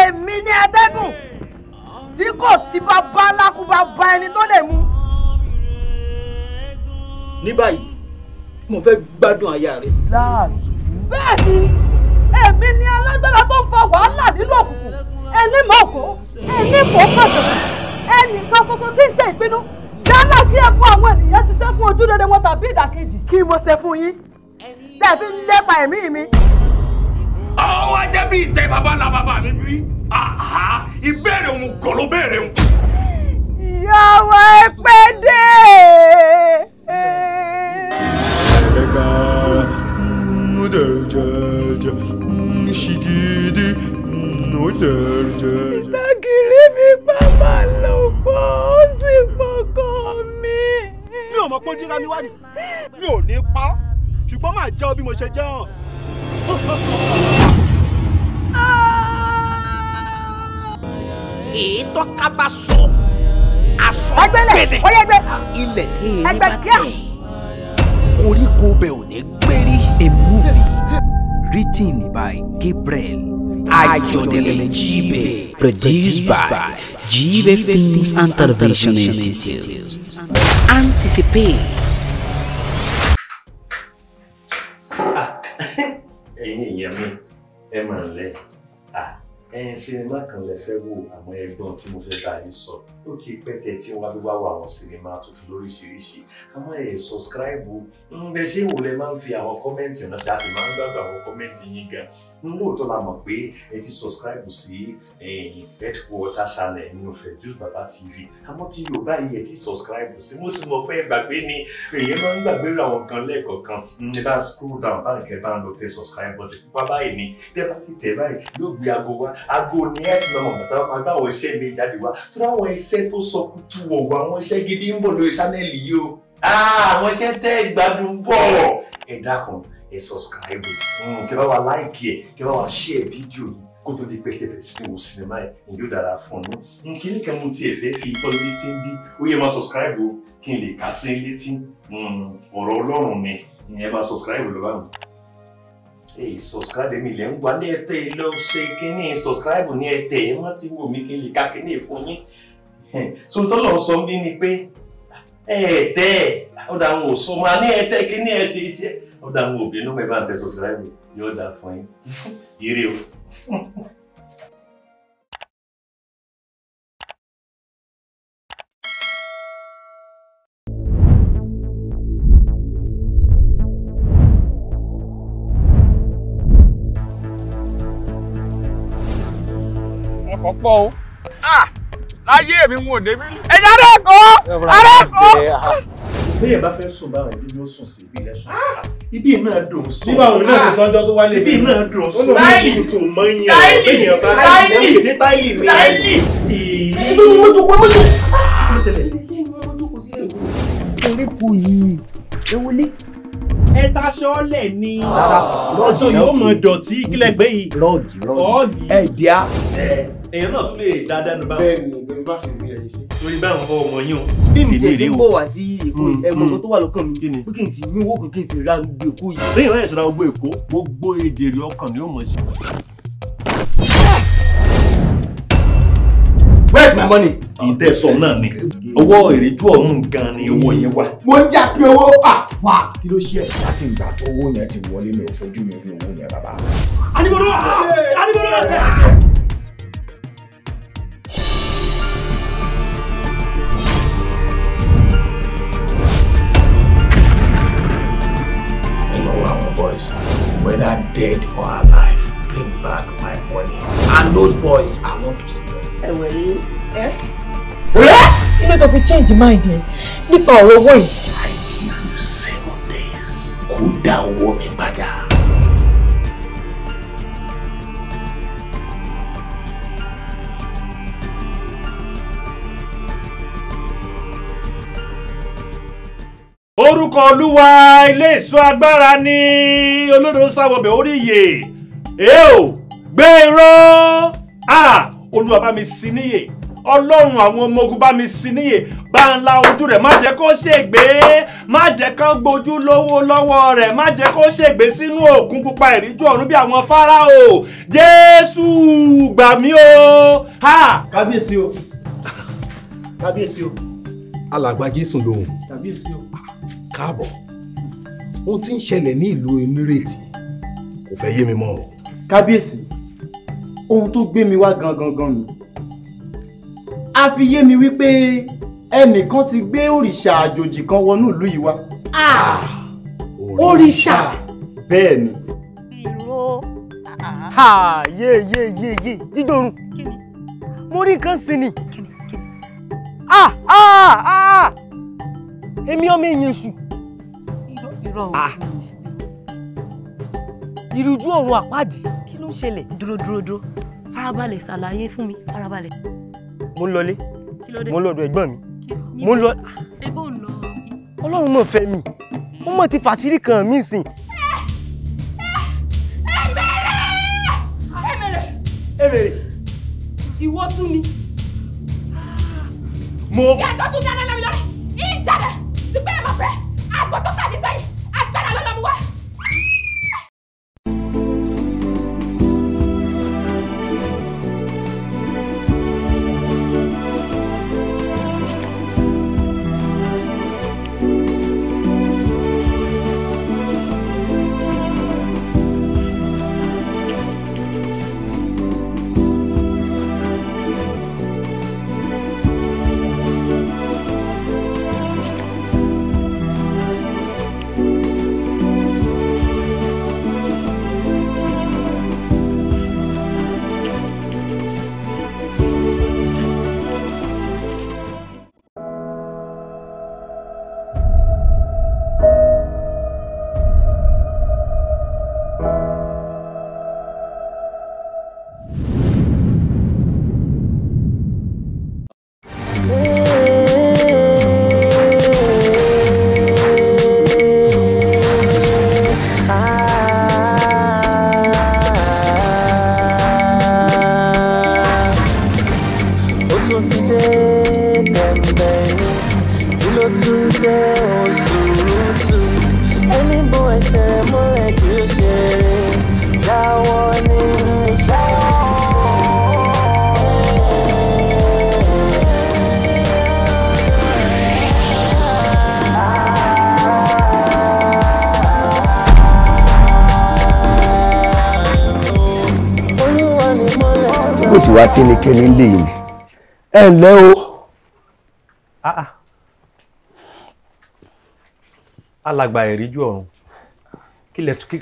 èmi ní atẹ́gùn tí kò sí bàbá lákùbà bá ẹni tó lè mú. ní báyìí mo fẹ́ gbádùn aya rẹ. bẹ́ẹ̀ ni èmi ni alágbára tó ń fa wàhálà nínú òkùnkùn ẹni mọ̀ọ́kọ́ ẹni mọ̀ọ́kọ́ ẹnìkan kókó tí ń ṣe ìpinnu yálà kí ẹ fún àwọn ènìyàn ṣiṣẹ́ fún ojú rere wọn tàbí ìdàkejì. kí mo ṣe fún yín tẹ̀ lépa ẹ̀mí mi ọ wá jẹ́ bí ìtẹ́ bàbá ńlá bàbá mi bí ìbéèrè òun kò ló béèrè òun. ìyàwó ẹgbẹ́ dé. ẹgbà mm, ó dẹ̀rù jẹjẹ mm, ṣìgìdì mm, ó dẹ̀rù jẹjẹ. ìtàgìrì mi bàbá lò pọ̀ ó sì pọkàn mi. mi ò mọ̀ pé ó dírá mi wá ni mi ò ní pa ṣùgbọ́n máa jẹ́ ọ bí mo ṣe jẹ́ hàn. Ah! ètò kaba sọ asọ gbẹlẹ ilẹ̀ tẹ eré bá tẹ koríko bẹ ò ní gbérí. a movie written by Gabriel Ayodele Jibe produced by Jibe Films and Television Institute. Anticipate. Ah, ẹ̀yin ìyẹn mi ẹ mà ń lẹ ẹyin sinimá kan lẹ fẹ́ wò àwọn ẹ̀gbọ́n tí mo fẹ́ bá yín sọ ó ti pẹtẹ tí wọn bí wá wọ àwọn sinimá tuntun lóríṣiríṣi àmọ́ ẹ sọsíkíráìbù ń bẹ ṣé ìwò lẹ máa ń fi àwọn kọmẹǹtì ránṣẹ́ a sì máa ń gbàgbọ́ àwọn kọmẹǹtì yín gan-an lóòótọ́ la mọ̀ pé ẹ ti subscribe sí headquarter channel nínú Firdaus Baba TV àmọ́ tí yorùbá yìí ẹ ti subscribe sí mo sì mọ̀ pé ẹ gbàgbé ni èèyàn máa ń gbàgbé àwọn kan lẹ́ẹ̀kọ̀ọ̀kan ẹ bá scroll down bá nǹkan bá ń lọ tẹ subscribe button pupa báyìí ni tẹ bá ti tẹ báyìí yóò gbé aago wá aago ní ẹ fi mọ̀ bàtà máa gbá àwọn iṣẹ́ mi jáde wá tó o àwọn iṣẹ́ tẹ́ ah, gbádùn bọ̀ ẹ sọsikaibu kẹ́ bá wa láìkì ẹ kẹ́ bá wa ṣí ẹ fídíò yìí kó tó di pẹtẹpẹ sí wo sinimá ẹ ní yóò dára fún un kí ní kẹmu tí ẹ fẹ́ fi tọ́lé tí ń bí ó yẹ máa sọsikaibu kí n lè kà sí létí ọ̀rọ̀ ọlọ́run mi ìyẹn bá sọsikaibu lọ́wọ́ mi ẹ sọskraibu mi lẹ ń gba ní ẹtẹ lọ ṣe kínní sọskraibu ní ẹtẹ ẹ má ti wò mí kí n lè ka kínní fún yín so tọ́lọ̀ sọ bí ni pé ẹ̀ẹ́dẹ́ ọ̀dà àwọn òṣùnmọ́ ní ẹtẹ kínní ẹ ṣe O da àwọn òbí lóun me bá tẹ subscribe yóò da fún yín ire o. ọkọ̀ pọ̀ o ah! láyé mi wọn ò débi. ẹ jáde ẹkọ ara ẹkọ. bí èèyàn bá fẹ́ sùn báwọn ẹbí yóò sùn sí ibi sùn sí. Ah! ibi náà dùn sùn. nígbà òun náà ti sọjọ́ tó wálé. ibi náà dùn sùn. báyìí tó mọ yẹn o èèyàn bá báyìí kì í ṣe báyìí mi. báyìí ìlú mọ́tò mọ́tò. kí ló ṣẹlẹ̀ yìí. koríko yìí ewu ní. ẹ taṣọ lẹ ni. Ah, aṣọ yóò mọ dọ̀tí kílẹ̀gbẹ́ yìí. rọ́ọ̀gì rọ́ọ̀gì ẹ̀díà. èèyàn náà tún lè dáadáa nù bá. bẹ́ẹ̀ni bẹ́ẹ̀ni bá ṣe bí ẹyẹ ṣe lórí báwọn fọ ọmọ yín o. bí mi tẹ̀ sí ń bọ̀ wá sí èkó mm, ẹ̀mọ̀kan mm. tó wà lọ́kàn mi kí ni pé kí n sì ní owó kan kí n sì ra gbogbo èkó yìí. lẹ́yìn láyé sọ́ra gbogbo èkó gbogbo èdè rẹ̀ ọkàn ni ó mọ̀ sí. where is my money. ìtẹ̀ sọ náà ni owó ìrẹ́jú ọ̀hún gan ni owó yẹn wà. mo ń yá pé owó à wà kí ló ṣe ẹ̀. láti ìgbà tó owó yẹn ti wọlé mi ò fojú mi rí owó yẹn bàbá. adigunlọ́wọ́ adigunlọ́wọ́ boys, whether dead or alive, bring back my money. And those boys, I want to see them. Ẹ wẹ̀ yìí. you know if you change your mind eh? nípa ọ̀rọ̀ owó I give you seven days. Kó dá owó mi orúkọ olúwa ilé ìṣọ́ agbára ní olódò sáwọbẹ̀ orí ìyè èèò gbé irọ́ a olúwa bá mi sí níyè ọlọ́run àwọn ọmọ ogun bá mi sí níyè bá ń la ojú rẹ̀ má jẹ́ kó ṣègbé má jẹ́ kó gbojú lówó lọ́wọ́ rẹ̀ má jẹ́ kó ṣègbé sínú òkun pupa ìríjú ọ̀run bí àwọn fáráò jésù gbà mí o. kábíyèsí o kábíyèsí o. alàgbà jésù lòun. kábíyèsí o káàbọ̀ ohun tí ń ṣẹlẹ̀ ní ìlú emirate kò fẹ́ yé mi mọ́ o. kábíyèsí ohun tó gbé mi wá gangan gan ni a fi yé mi wípé ẹnìkan ti gbé òrìṣà àjòjì kan wọnú ìlú yìí wá. òrìṣà bẹ́ẹ̀ ni. ha yé yé yé yé dídòrùn mo rí nǹkan sí ni. ah ah ah. Emi ọmọ èèyàn sùn. irọ́ o ah. ìrújú ọ̀run àpáàdì kí ló ń ṣẹlẹ̀. dúró dúró dúró farabalẹ̀ ṣàlàyé fún mi farabalẹ̀. mo ń lọlé mo ń lọ́dọ̀ mi mo ń lọ. Ah, ṣé bó ń lọ. ọlọ́run mi ó mọ̀ ti fàṣírí kan mi sìn. èmèrè ìwọ tún ni. mo. yàtọ̀ tún dáná lẹ́mi lórí ìjàdá. Água, total, isso aí! ẹ ǹlẹ́ o. Ah, ah. alàgbà ìríjú ọ̀run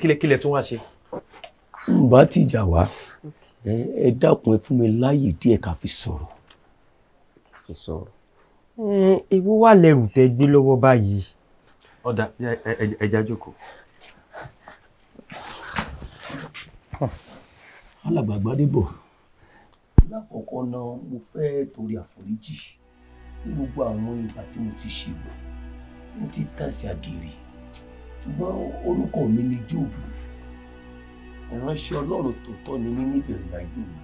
kílẹ̀ tún wá ṣe. n bá tìjà wá ẹ dákun ẹ fún mi láàyè díẹ̀ ká fi sọ̀rọ̀. fi sọ̀rọ̀. ewu wà lẹ́rù tẹ́ gbé lọ́wọ́ báyìí. ọ̀dà ẹja jókòó. alàgbà gbadébọ̀ lákọ̀ọ́kọ́ náà mo fẹ́ torí àforíjì ní gbogbo àwọn ìgbà tí mo ti ṣìgbọ́ mo ti tàsí àgèrè ṣùgbọ́n orúkọ mi ni jóòbù ìránṣẹ́ ọlọ́run tòótọ́ ni mí níbẹ̀rẹ̀ ayé mi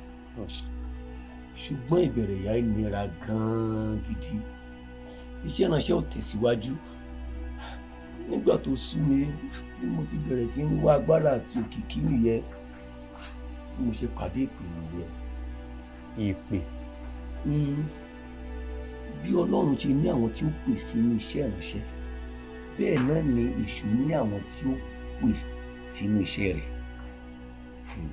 ṣùgbọ́n ìbẹ̀rẹ̀ ìyá ìnira gan-an gidi iṣẹ́ ìránṣẹ́ ò tẹ̀síwájú nígbà tó sú mi ni mo ti bẹ̀rẹ̀ sí ń wá agbára àti òkìkí nìyẹn bí mo ṣe pàdé ìpinnu yẹn ìpè. Hmm. bí ọlọ́run ṣe ní àwọn tí ó pè sí ní iṣẹ́ ìránṣẹ́ bẹ́ẹ̀ náà ni èṣù ní àwọn tí ó pè sí ní iṣẹ́ rẹ̀. Hmm.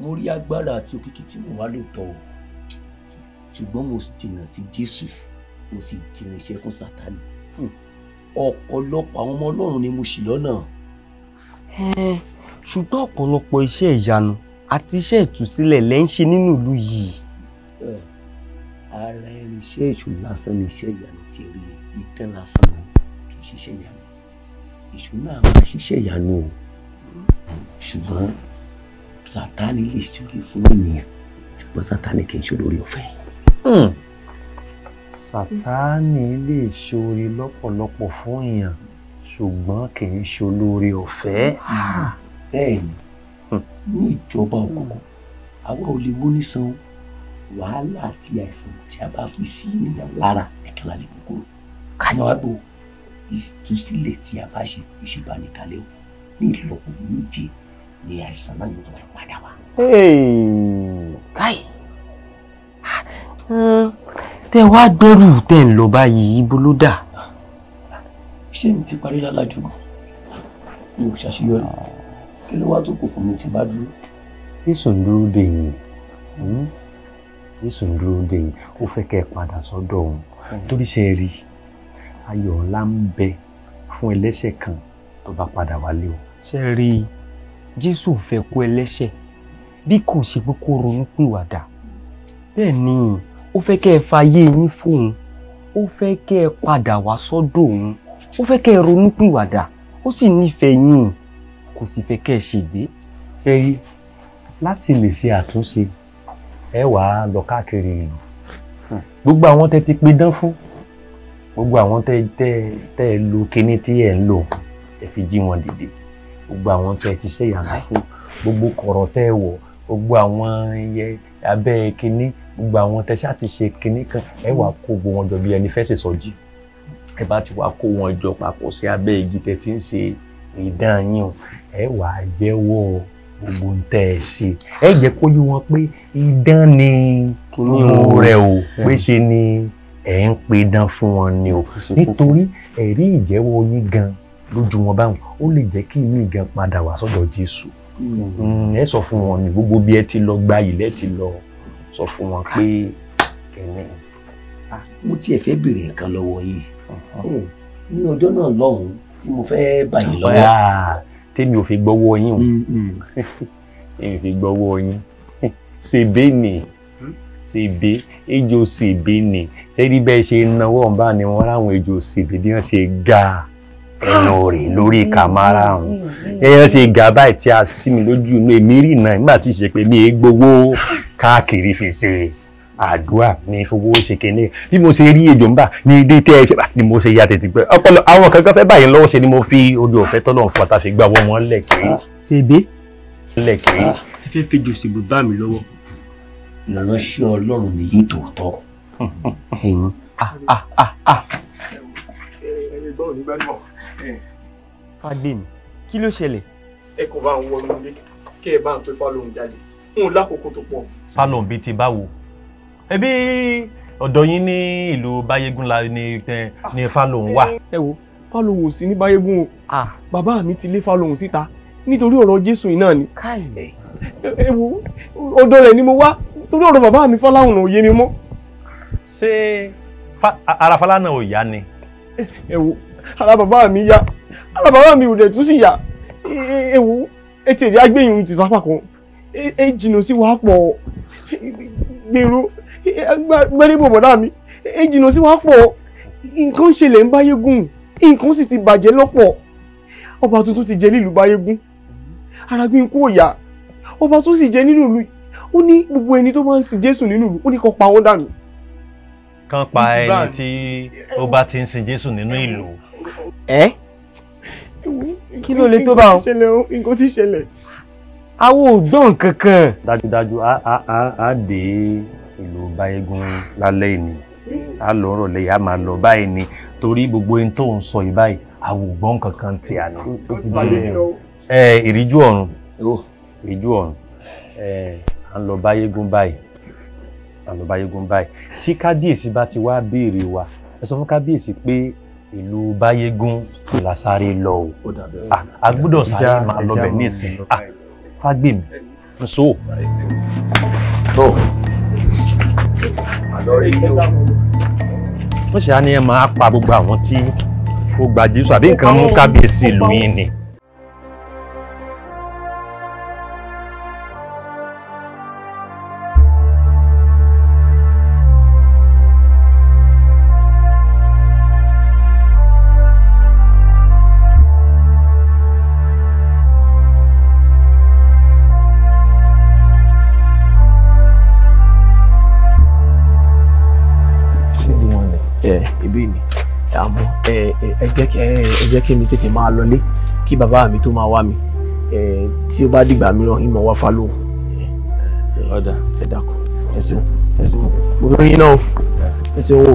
mo rí agbára àti òkìkí tí mo wá lóòótọ́ o ṣùgbọ́n mo jìnnà sí jésù mo sì jìnnà iṣẹ́ fún sátánì hmm. ọ̀pọ̀lọpọ̀ àwọn ọmọ ọlọ́run ni mo ṣì lọ́nà. ṣùgbọ́n ọ̀pọ̀lọpọ̀ iṣẹ́ ìyanu àti iṣẹ́ ìtúsílẹ̀ lẹ́ ń ṣe nínú ìlú yìí. ara ẹni iṣẹ́ èṣù lásán ni iṣẹ́ ìyanu ti rí ìtẹ́ lásán ni kì í ṣiṣẹ́ ìyanu èṣù náà máa ṣiṣẹ́ ìyanu o ṣùgbọ́n sátani lè ṣorí fún ènìyàn ṣùgbọ́n sátani kì í ṣe olórí ọ̀fẹ́. Hmm. sátani lè ṣorí lọ́pọ̀lọpọ̀ fún èèyàn ṣùgbọ́n kì í ṣe olórí ọ̀fẹ́. Ah, bẹ́ẹ̀ ni Hmm. ní ìjọba òkùnkùn àwa ò lè wó nísan wàhálà àti àìsàn tí a bá fi sí ènìyàn lára nìkan la lè mú kúrò káyọ̀ wá gbò ìtúsílẹ̀ tí a bá ṣe ìṣèbánikalẹ̀ o ní ìlọ́po méje ni àìsàn náà yóò fi padà wá. káì tẹ wá gbẹrù tẹ ń lọ báyìí ibo ló dà. ṣé mi ti parí lálàjò mi ò ṣàṣeyọrí kí ló wá tó kù fún mi tí bá dúró. jésù ń dúró dè yín hmm? jésù ń dúró dè yín ó fẹ́ kẹ́ ẹ padà sọ́dọ̀ òun hmm. torí ṣe rí ayọ̀ ńlá ń bẹ fún ẹlẹ́ṣẹ̀ kan tó bá padà wálé o. ṣe rí jésù fẹ́ kú ẹlẹ́ṣẹ̀ bí kò ṣe pé kó ronú pìwàdà bẹ́ẹ̀ ni ó fẹ́ kẹ́ ẹ fàyè yín fóun ó fẹ́ kẹ́ ẹ padà wá sọ́dọ̀ òun ó fẹ́ kẹ́ ẹ ronú pìwàdà ó sì nífẹ̀ẹ́ yín kò sì fẹ́ kẹ́ ẹ ṣègbè ṣe rí láti lè ṣe àtúnṣe ẹ wàá lọ káàkiri ìlú gbogbo àwọn tẹ́ ti pidán fún gbogbo àwọn tẹ́ tẹ́ tẹ́ ẹ lu kinní tí ẹ ń lò ẹ fi jí wọn dìde gbogbo àwọn tẹ́ ti ṣe ìyànà fún gbogbo kọ̀rọ̀ tẹ́ ẹ wọ̀ gbogbo àwọn ẹyẹ abẹ́ kinní gbogbo àwọn tẹ́ ṣáà ti ṣe kinní kan ẹ wàá kó gbogbo wọn jọ bí ẹni fẹ́ ṣe sọjí ẹ bá ti wàá kó wọn jọ papọ̀ sí abẹ́ igi tẹ́ ń ṣe ìdán yín o ẹ wà á jẹ́wọ́ gbogbo ń tẹ́ ẹ ṣe ẹ jẹ́ kó yí wọn pé ìdán ni mo rẹ o pé ṣe ni ẹ ń pe dán fún wọn ni o nítorí ẹ̀rí ìjẹ́wọ́ yín gan lójú wọn báwọn ó lè jẹ́ kí ìlú ìgan padà wá sọ́dọ̀ Jésù mm. ẹ sọ fún wọn ní gbogbo bí ẹ ti lọ gba ilẹ̀ ti lọ sọ fún wọn pé ah. kẹ́ni. Ah, mo tiẹ̀ fẹ́ béèrè nǹkan lọ́wọ́ yìí hmm. ní ọjọ́ náà lọ́hùn-ún tí mo fẹ́ bà yín lọ́wọ́. tèmi ò fi gbọ́wọ́ yín o mm, mm. èmi fi gbọ́wọ́ yín ṣèbé ni hmm? ṣèbé ejò ṣèbé ni ṣẹ́ni bẹ́ẹ̀ ṣe náwó ọ̀nba ni wọ́n ráwọn ejò ṣèbé bí wọ́n ṣe ga ẹnu rẹ̀ lórí hmm. kàmára hmm, ọ̀hún ẹ̀yàn ṣe ga báyìí tí a sí mi lójú inú èmi rí náà nígbà tí ìṣèpè mi è gbowó káàkiri fi ṣe àdúrà ní fowó ṣe kéne bí mo ṣe rí ejò ń bà ní ilé tẹ ẹ jẹba ni mo ṣe ya tètè pẹ ọpọlọ àwọn kankan fẹ báyìí lọ́wọ́ ṣe ni mo fi ojú ọ̀fẹ́ tọlọ fún ata fi gbà wọ wọn lẹkẹ. ṣèbí. lẹkẹ. ẹ fẹ́ fi jù síbi bá mi lọ́wọ́. ìránṣẹ́ ọlọ́run nìyí tòótọ́. Ah, ah, ah, fagbemi kí ló ṣẹlẹ̀. ẹ kò bá ń wọnú ilé kí ẹ bá ń pè fálóhùn jáde ń lákòókò tó pọ̀. fálóhùn bíi ti báwo ẹbí ọ̀dọ̀ yín ní ìlú báyégún la ni ni fálóhùn wà. ẹ wo fálóhùn ò sí ní báyégún o bàbá mi ti lé fálóhùn síta nítorí ọ̀rọ̀ jésù yìí náà ni. ẹ wo ọ̀dọ̀ rẹ̀ ni mo wá torí ọ̀rọ̀ bàbá mi fọláhùn ò yé mi mọ́. ṣé ara fọláhùn ò yá ni. ẹ wo ara bàbá mi yá ara bàbá mi ò dẹ̀ tún sì yá ẹ wo etí èdè agbẹ́yìn ti sápà kan ẹ jìnnà sí wàá pọ̀ gbèrú gbẹ́rẹ́ bọ̀bọ̀dá mi ìjìnà sí wa pọ̀ nǹkan ṣẹlẹ̀ ń báyégún nǹkan sì ti bàjẹ́ lọ́pọ̀ ọba tuntun ti jẹ nílùú báyégún arágbín kú òyà ọba tó sì jẹ nínú ìlú ó ní gbogbo ẹni tó máa ń sìn jésù nínú ìlú ó ní kan pa wọ́n dànù. kan pa ẹni tí ó bá ti ń sìn jésù nínú ìlú. ẹ kí ló lè tó bá wọn. nǹkan ti ṣẹlẹ̀. àwọn ò gbọ́ dájúdájú a a a a dé ìlú báyégún lálẹ́ ìní á lọ rọ̀lẹ́ yìí á máa lọ báyìí ni torí gbogbo ohun tó ń sọ yìí báyìí àwògbọ́n kankan ti àná. ẹ ìríjú ọ̀run ìríjú ọ̀run ẹ à ń lọ báyégún báyìí à ń lọ báyégún báyìí tí kábíyèsí bá ti wá béèrè wa ẹ sọ fún kábíyèsí pé ìlú báyégún la sáré lọ o a gbọ́dọ̀ sáré máa lọ bẹ̀ ní ìsìn fagbemi nso wọ́n ṣe á ní ẹ máa pa gbogbo àwọn tí ó gba Jésù nǹkan mú kábíyèsí ìlú yín ni. ìbí mi àmọ́ ẹ jẹ́ kí mi tètè máa lọlé kí bàbá mi tó máa wá mi tí ó bá dìgbà mìíràn ìmọ̀ wá falóhùn. ọ̀dà ẹ dákun ẹ ṣeun ẹ ṣeun mo fẹ́ yín náà ẹ ṣeun o.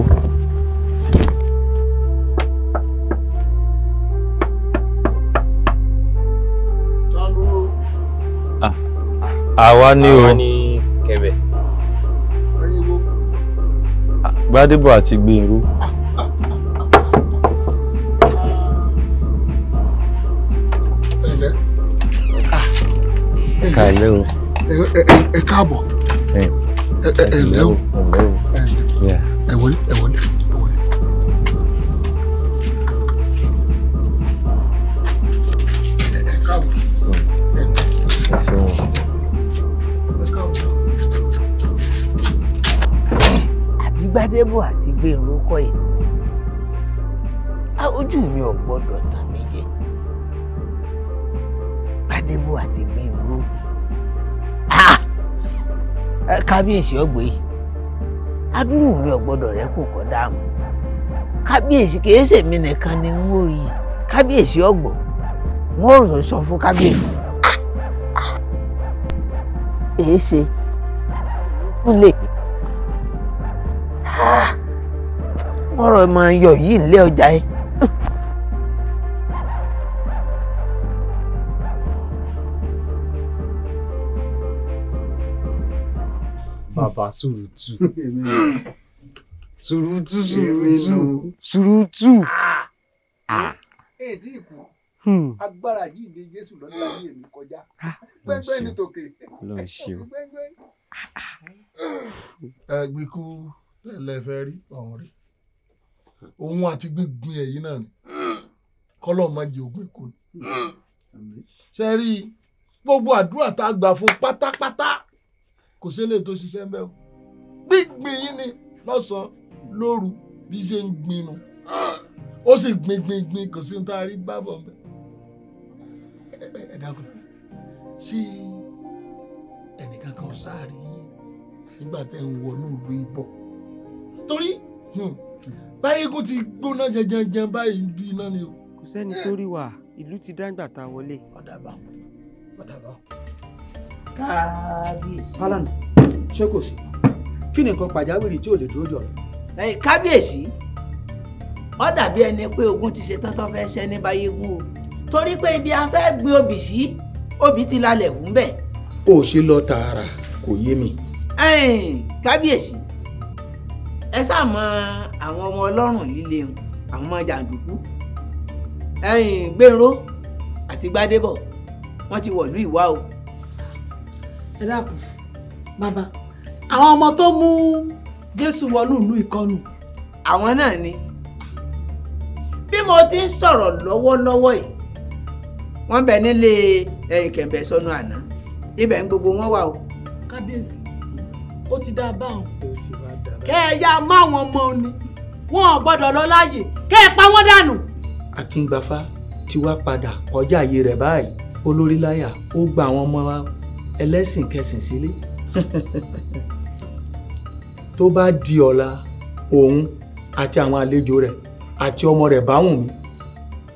Ah, àwa ni o àwa ni kẹbẹ. Gbádébọ̀ àti Gbèrú. Ah. ẹ káalẹ́ o. ẹ káàbọ̀ ẹ ẹ ẹ lẹ́wọ̀ ẹ wọlé ẹ wọlé. gbadebo àti gbèrò kọ́ èmi ojú mi ò gbọdọ tà mí jẹ ati àti gbèrò kábíyèsí ọgbẹ yìí adúrú mi ò gbọ́dọ̀ rẹ kò kọ dáàmú kábíyèsí kìí ṣèmi nìkan ni n ó kábíyèsí ọgbọ wọn ò sọ fún kábíyèsí èé ṣe bọ́rọ̀ ọmọ yọ yìí nílé ọjà ẹ. bàbá sùrùtù sùrùtù sùrùtù sùrùtù. èyí tí ì kú hmm. agbára yìí ni Jésù lọ́dún ayé mi kọjá ah. gbẹ́ngbẹ́ ní tòkè gbẹ́ngbẹ́. Ah, ah. ẹ gbìkú tẹ́lẹ̀ fẹ́ rí ọ̀hún rí òun àti gbígbin ẹ̀yìn náà ni kọ́lọ́ máa jẹ ògbìn kù ni. ṣe rí i gbogbo àdúrà tá a gbà fún pátápátá kò sílẹ̀ tó ṣiṣẹ́ ń bẹ́ o gbígbin yín ni lọ́sàn-án lóru bí ṣe ń gbinu ó sì gbin gbin gbin kò sí ní tá a rí gbábọ̀ ń bẹ́ ẹ dákun sí ẹnìkan kan sáà rí nígbà tẹ́ ń wọnú ìlú ibọ̀ torí. Hmm báyìíkún ti gbóná jẹjẹjẹn báyìí bí iná ni o. kò sẹ́ni tó rí wa ìlú ti dáńgbà tá a wọlé. ọ̀dàbà ọ̀dàbà. kábíyèsí. fálànà ṣé kò sí kí ni nǹkan pàjáwìrì tí ò lè dúró jọ̀rọ̀. ẹ̀yin kábíyèsí ó dàbí ẹni pé ogun ti ṣe tán tán fẹ́ ṣẹ́ ní báyìíkún o torí pé ibi a fẹ́ gbin obì sí obì ti lalẹ̀ wú o ó ṣe lọ tààrà kò yé mi. ẹ̀yin kábíyèsí ẹ sàmọ àwọn ọmọ ọlọ́run líle hùn àwọn ọmọ jàǹdùkú ẹ̀yìn gbèrò àti gbádébọ̀ wọ́n ti wọ̀lú ìwá o. ẹ dákun bàbá àwọn ọmọ tó mú jésù wọnú ìlú ìkọnù. àwọn náà ni bí mo ti ń sọ̀rọ̀ lọ́wọ́lọ́wọ́ yìí wọ́n bẹ nílé ẹ̀yìn kẹ̀mbẹ̀ sọnù àná ibẹ̀ ń gbogbo wọn wà o. kábíyèsí ó ti dáa báwọn. ó ti bá a kẹ́ ẹ yá má wọn mọ ni wọn ò gbọ́dọ̀ lọ láàyè kẹ́ ẹ pa wọ́n dànù. akíngbafá ti wá padà kọjá àyè rẹ̀ báyìí olórí láyà ó gba àwọn ọmọ ẹlẹ́sìn kẹsìn sílé tó bá di ọ̀la òun àti àwọn àlejò rẹ̀ àti ọmọ rẹ̀ báwùn mi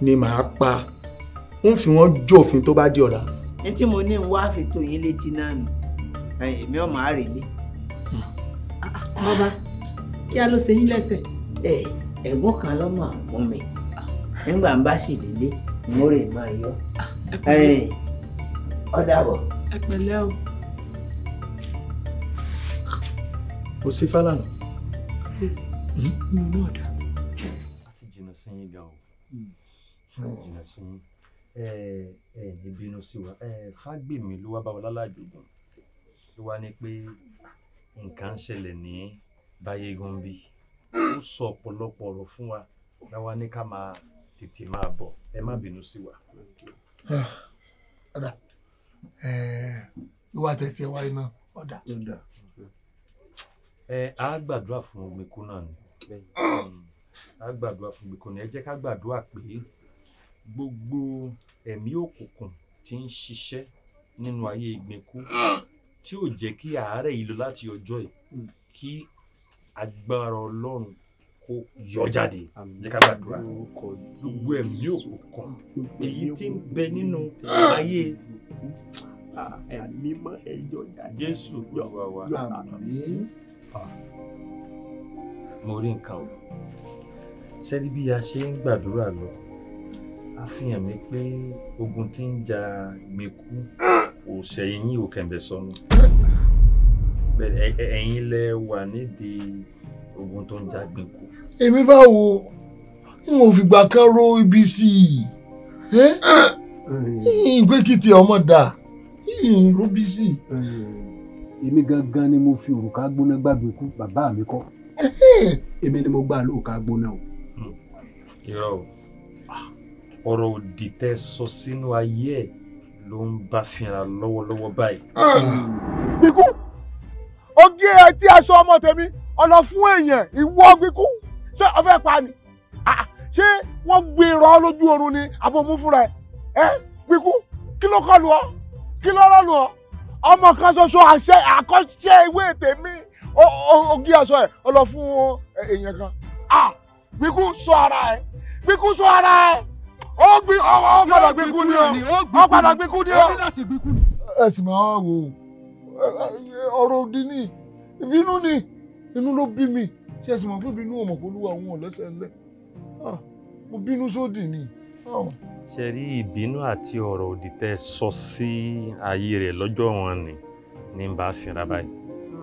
ni màá pa ń fi wọ́n jófin tó bá di ọ̀la. ẹ tí mo ní wá fi tó yín létí náà nù èmi ọ̀ máa rèé lé bàbá kí a lọ ṣe yín lẹ́sẹ̀. ẹ ẹ̀gbọ́n kan lọ́mọ àwọn mi nígbà ń bá sì délé ìmúre máa yọ ọ ah, dàbọ̀. ẹ pẹ̀lẹ́ o. kò sí fálànà. Hmm? mo náà dá. a ti jìnnà sí yín gan o a ti jìnnà sí yín ẹ ẹ ní bínú sí wa ẹ fágbèmí ló wá bá wa lálàjò gùn ló wá ní pé nǹkan ṣẹlẹ̀ ní báyégún bí ó sọ ọ̀pọ̀lọpọ̀ ọ̀rọ̀ fún wa láwa ní ká máa tètè máa bọ̀ ẹ má bínú sí wa. Ah, ọ̀dà ìwà tẹ̀tẹ̀ wa iná ọ̀dà. ẹ á gbàdúrà fún gbẹ̀kú náà ni á gbàdúrà fún gbẹ̀kú ẹ jẹ́ ká gbàdúrà pé gbogbo ẹ̀mí òkùnkùn tí ń ṣiṣẹ́ nínú ayé ìgbẹ́kú tí ò jẹ́ kí àárẹ̀ yìí lọ láti ọjọ́ yìí hmm. kí agbára ọlọ́run kó yọ jáde jẹ́ ká gbàdúrà gbogbo ẹ̀mí òkùnkùn èyí tí ń bẹ nínú ah. ayé ah, ẹ̀mí mọ́ ẹ̀yọ jáde jésù yọ wá wá ah. mo rí nǹkan o ṣebí bí a ṣe ń gbàdúrà lọ a fi hàn mí pé ogun tí ń jà mí kú o òòṣà ẹ̀yìn ò kẹ̀m̀bẹ̀ sọnù ẹ̀yin lẹ wà nídìí ogun tó ń jágbìn kù. èmi báwo n ò fìgbà kan ro ibi sí i ìgbé kìtì ọmọ dà ro bí sí i. èmi gangan ni mo fi òrùka gbóná gbàgbé kú bàbá mi kọ́ èmi ni mo gbà lóòka gbóná o. Hmm. irọ́ o ah, ọ̀rọ̀ òdì tẹ́ sọ sínú ayé ẹ̀ ló ń bá fínra lọ́wọ́lọ́wọ́ báyìí. Ah! gbígú ó gé etí aṣọ ọmọ tèmi ọ̀nà fún èèyàn ìwọ gbígú ṣé o fẹ́ pa ni ah, ṣé wọ́n gbé irọ́ lójú oorun ni àbòmú fúnra ẹ gbígú kí ló kọlù ọ kí ló rọlù ọ ọmọ kan ṣoṣo àṣẹ àkọṣe ìwé tèmi ó gé aṣọ ẹ ọ lọ fún èèyàn kan ah, gbígú sọ ara ẹ gbígú sọ ara ẹ ó gbin ọ padà gbin kú ni ọ ọ padà gbin kú ni ọ. ẹ sì máa wò ó ọ̀rọ̀ òdì ni ìbínú ni inú ló bí mi ṣe sì mọ̀ pé bínú ọmọ polúwa òun ọ̀lẹ́sẹ̀ ńlẹ̀ ah, mo bínú sódì ni. Ah. ṣe rí ìbínú àti ọ̀rọ̀ òdì tẹ́ sọ sí ayé rẹ̀ lọ́jọ́ wọn ni ní bá a fínra báyìí.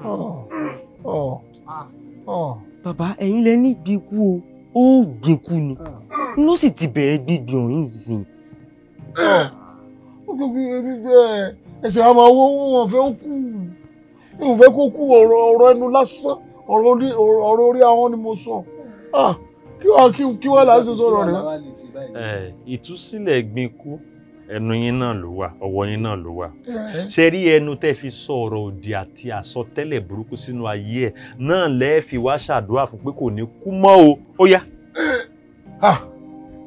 Ah, bàbá ẹ̀yin lẹ ní gbígbó o ó gbígbó ni. Ah inú sì ti bẹ̀rẹ̀ gbígbìn òun zìn. ó gbé ebi bẹ́ẹ̀ ẹsẹ̀ àmọ́ owó wọn fẹ́ kú wọn fẹ́ kó kú ọ̀rọ̀ ẹnu lásán ọ̀rọ̀ orí ahọ́n ni mo sọ kí wọ́n láti sọ̀rọ̀ rẹ̀. ìtúsílẹ̀ gbin kú ẹnu yín náà ló wà ọwọ́ yín náà ló wà ṣe rí ẹnu tẹ́ fi sọ ọ̀rọ̀ òdì àti àsọtẹ́lẹ̀ burúkú sínú ayé ẹ̀ náà lẹ́ẹ̀ fi wá ṣàdúrà fún pé kò ní kú mọ́ o ó yá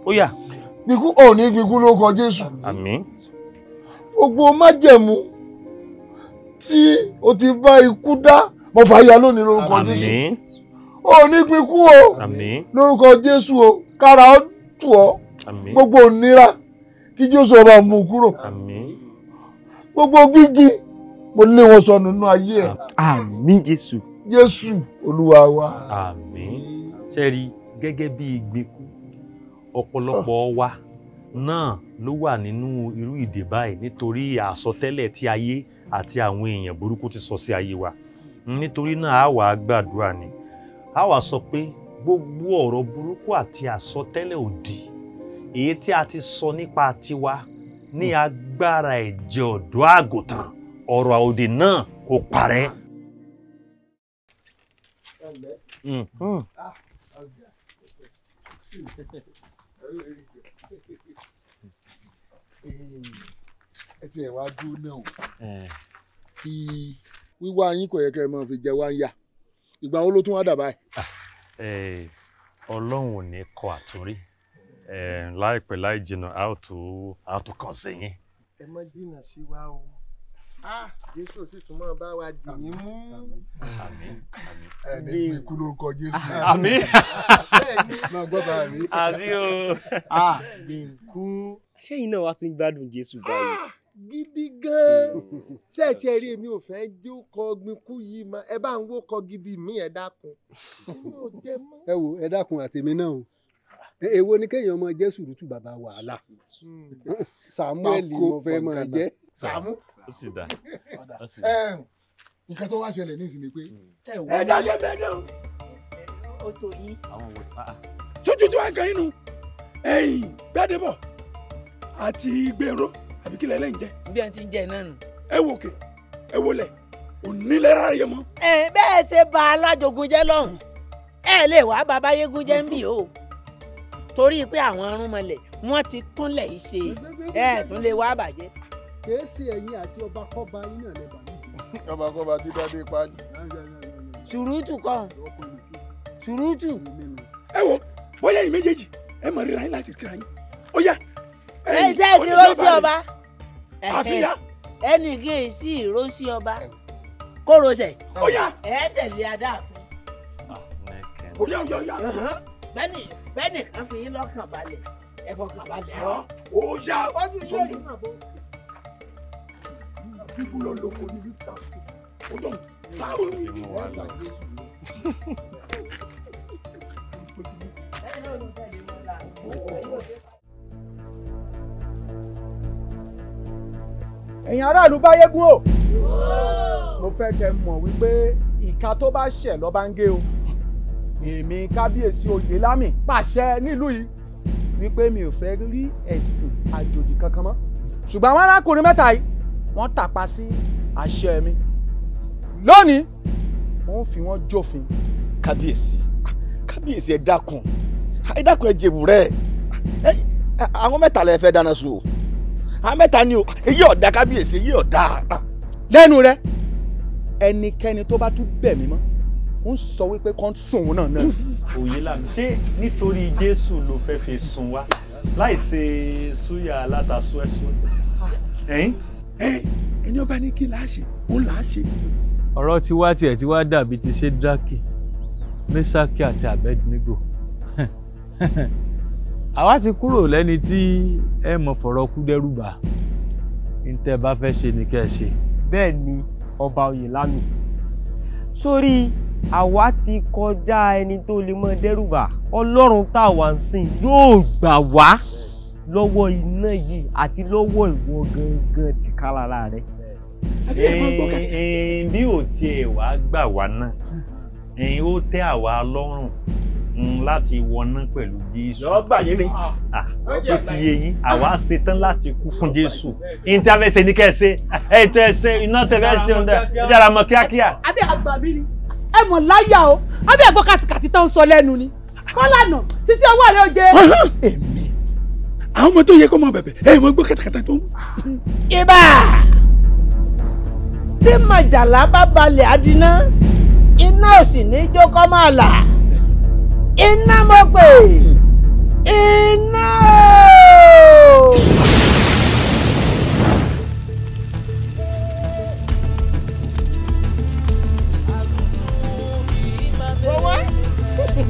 ó yá. gbígún ò ní gbígún ló kọ jésù. àmín. gbogbo májẹ̀mú tí o ti bá ikú dá mo fàyà lónìí lórúkọ jésù. àmín. ò ní gbígún o. àmín. lórúkọ jésù o kára ó tù ọ́. àmín. gbogbo òníra kí jésù ọba mú un kúrò. àmín. gbogbo gbígi mo lé wọn sọnù nínú ayé ẹ. àmín jésù. jésù olúwa wa. àmín. sẹ́ẹ̀rì gẹ́gẹ́ bí ìgbín ọ̀pọ̀lọpọ̀ wa náà ló wà nínú irú ìdè báyìí nítorí àsọtẹ́lẹ̀ tí ayé àti àwọn èèyàn burúkú ti sọ sí ayé wa nítorí náà a wà gbàdúrà ni a wà sọ pé gbogbo ọ̀rọ̀ burúkú àti àsọtẹ́lẹ̀ òdì èyí tí a ti sọ nípa tiwa ní hmm. agbára ẹ̀jẹ̀ ọ̀dọ́ àgùntàn ọ̀rọ̀ òdì náà kò parẹ́. Mm. Mm. Ah, okay ẹ ti ẹ̀ wá dúró náà o kí wíwá yín kò yẹ kẹ́ ẹ máa fi jẹ wá ń yà ìgbà wo ló tún wá dà báyìí. Ah, ọlọ́run ò ní kọ àtúrí láìpẹ́ láì jìnnà a ó tún kàn sí yín. ẹ má jìnnà sí wa o. Ah, Jésù sì tún máa bá wa dì í mú. Ẹni pé ikú ló ń kọ Jésù. Ah, Àmín. Bẹ́ẹ̀ni. Máa gbọ́ bá mi. Àmín o. A ah, lè kú. Ṣéyìn náà wá ti ń gbádùn Jésù báyìí. Gidi gan-an. Ṣé ẹ ti ẹ rí èmi ò fẹ́ jó kọ gbinkú yìí mọ́? Ẹ bá ń wó kọ gidi mi ẹ dákun. Ẹ wo ẹ dákun àtèmi náà o èwo ni kéèyàn máa jẹ́ sùrùtù bàbá wàhálà hmm. Samuel mo fẹ́ máa jẹ́ sàmú. ó sì dá ó sì dá. nǹkan tó wá ṣẹlẹ̀ ní ìsinmi pé. Hmm. ẹ dájọ́ bẹ́ẹ̀ náà ó tó yín. àwọn òwe pa. Ah, ah. sójú tí wàá kan inú ẹ̀yìn Gbádébọ̀ àti gbèrò àbí kílẹ̀ lẹ́yìn jẹ. bí wọ́n ti ń jẹ náà nù. ẹ wò kè ẹ wọlé onílẹ̀ra yẹ mọ́. ẹ bẹ́ẹ̀ ṣe ba alájogun jẹ́ lọ́hùn ẹ lè wá bàbá jẹ́ ń bì o torí pé àwọn arúnmọlẹ̀ wọ́n ti túnlẹ̀ yìí ṣe ẹ tún lè wá bàjẹ́ kìí ṣe ẹ̀yin àti ọba kọ́ba yín náà lẹ́bàá yìí. ọba kọ́ba ti dáadé paálí. ṣùrùtù kan ṣùrùtù. ẹ wo bóyá ẹ̀yin méjèèjì ẹ mọ̀ ríra yín láti kíra yín ó yá. ẹ ṣe é ti rọ́ọ̀sì ọba. àfihàn. ẹnì kì í sí ìrọ́ọ̀sì ọba kóró sẹ̀. ó yá. ẹ tẹ̀lé adáàfin. ó ó yá ó yá. bẹ́ẹ̀ni bẹ́ẹ̀ni kan fi yín lọ́kàn balẹ̀ ẹ̀kọ́ kan balẹ̀. ó yá. ojú yóò rí màbó bíbú lọ lóko níbi tààkù ó dọ̀ táwọn ènìyàn ní ọ̀la Jésù lọ. ẹ̀yin aráàlú báyé gún o mo fẹ́ kẹ́ mọ̀ wípé ìka tó bá ṣẹ̀ ló ń gé o èmi kábíyèsí oyèlámì pàṣẹ nílùú yìí wípé mi ò fẹ́ rí ẹ̀sìn àjòjì kankan mọ́ ṣùgbọ́n àwọn arákùnrin mẹ́ta yìí wọ́n tàpá sí àṣẹ mi lónìí wọ́n fi wọ́n jófin. kábíyèsí kábíyèsí ẹ dákun ẹ dákun ẹ jèbù rẹ àwọn mẹ́ta lẹ fẹ́ dáná sun o àwọn mẹ́ta ni o èyí ọ̀dà kábíyèsí èyí ọ̀dà. lẹ́nu rẹ ẹnikẹ́ni tó bá tún bẹ̀ mí mọ́ ń sọ wípé kán sùn òun náà náà. òye làmì ṣé nítorí jésù ló fẹ́ fi sùn wá láì ṣe súyà alátasú ẹ̀sùn ẹ̀yìn ẹ ẹni ọba ní kí là á ṣe òun là á ṣe. ọ̀rọ̀ tiwa tiẹ̀ ti wá dàbí ti ṣédrákì mẹ́sàkì àti àbẹ́dínígò àwa ti kúrò lẹ́ni tí ẹ mọ̀ fọ̀rọ̀ kú dẹ́rù bà ń tẹ́ bá fẹ́ ṣe ni kẹ́ ẹ ṣe. bẹ́ẹ̀ ni ọba oyèlámì sórí àwa ti kọjá ẹni tó lè mọ dẹ́rù ọlọ́run tá a wà ń sìn yóò gbà wá lọ́wọ́ iná yìí àti lọ́wọ́ ìwọ gangan ti ká lára rẹ. bí ò tiẹ̀ wá gbà wá náà ó tẹ́ àwa lọ́rùn láti wọná pẹ̀lú jésù. lọ́ọ́ gbà mi. Ah, ah, ó ti yé yín àwa ṣetán láti kú fún jésù. ìntàfẹ́sẹ̀ ní kẹ́sẹ̀ ètò ẹ̀sẹ̀ iná tẹ̀fẹ́sẹ̀ ọ̀dà yàrá mọ̀ kíákíá. àbí àgbà mi ni ẹ mọ̀ láyà o àbí ẹ̀gbọ́n kàtìkàtì tó ń sọ lẹ́nu ni kọ́lànà títí ọwọ́ rẹ̀ ò jẹ́. èmi àwọn ọmọ tó yẹ kó mọ bẹ̀bẹ̀ ẹ mọ gbọ́ kẹtàkẹtà tó ń. ibà tí màjàlá bá balẹ̀ àdínà iná ò ní jó kọ́ máa là iná mọ̀ pé iná.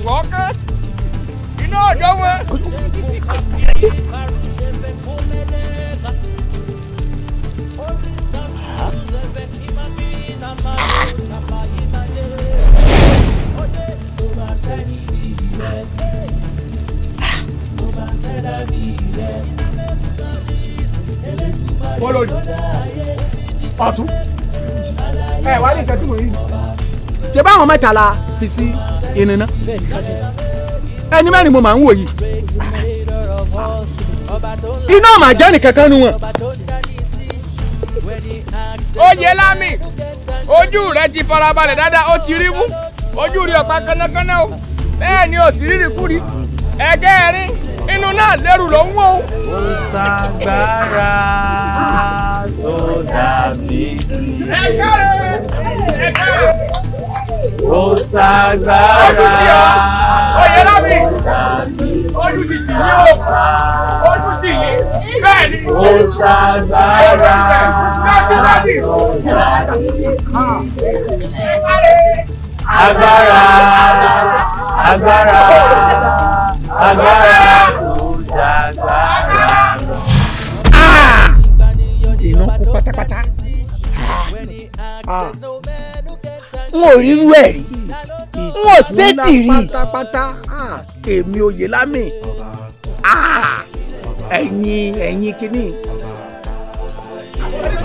Walker, you know I go with. olórí ọtún ẹ wá ní ìtẹ́tù wòye. ṣé báwọn mẹ́ta la fi sí ìnìna ẹni mẹ́rin mo máa ń wò yìí iná màá jẹ́ nìkankan nu wọn. Oyèlámì ojú rẹ ti farabalẹ̀ dáadáa ó ti rí mú ojú rí ọ̀pá kánákáná o bẹ́ẹ̀ ni ò sí rírì kúri ẹ̀kẹ́rin inú náà lẹ́rù ló ń wò ó. ó ṣàgbára tó dàbí ti. ó ṣàgbára Oyèlámì ojú ti tì yí o ojú ti yí bẹ́ẹ̀ ni. ó ṣàgbára agbára agbára agbára tó dàgbára lọ. iná kú pátápátá n ò rí irú ẹ̀ rí n ò sétí rí. pátápátá ah, èmi Oyèlámì ah, ẹ̀yin ẹ̀yin kìíní.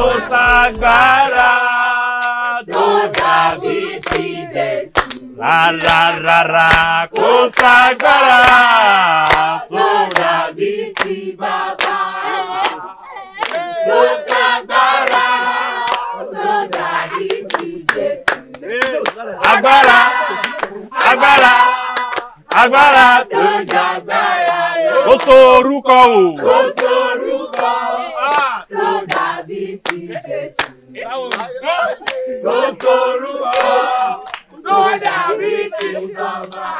kò ságbára tó dàbí ti Jésù. Rárárárá kò ságbára tó dàbí ti bàbá. Kò ságbára tó dàbí ti Jésù ó sorúkọ o. ó sorúkọ tó dàbí ti Jésù. ó sorúkọ tó dàbí ti bàbá.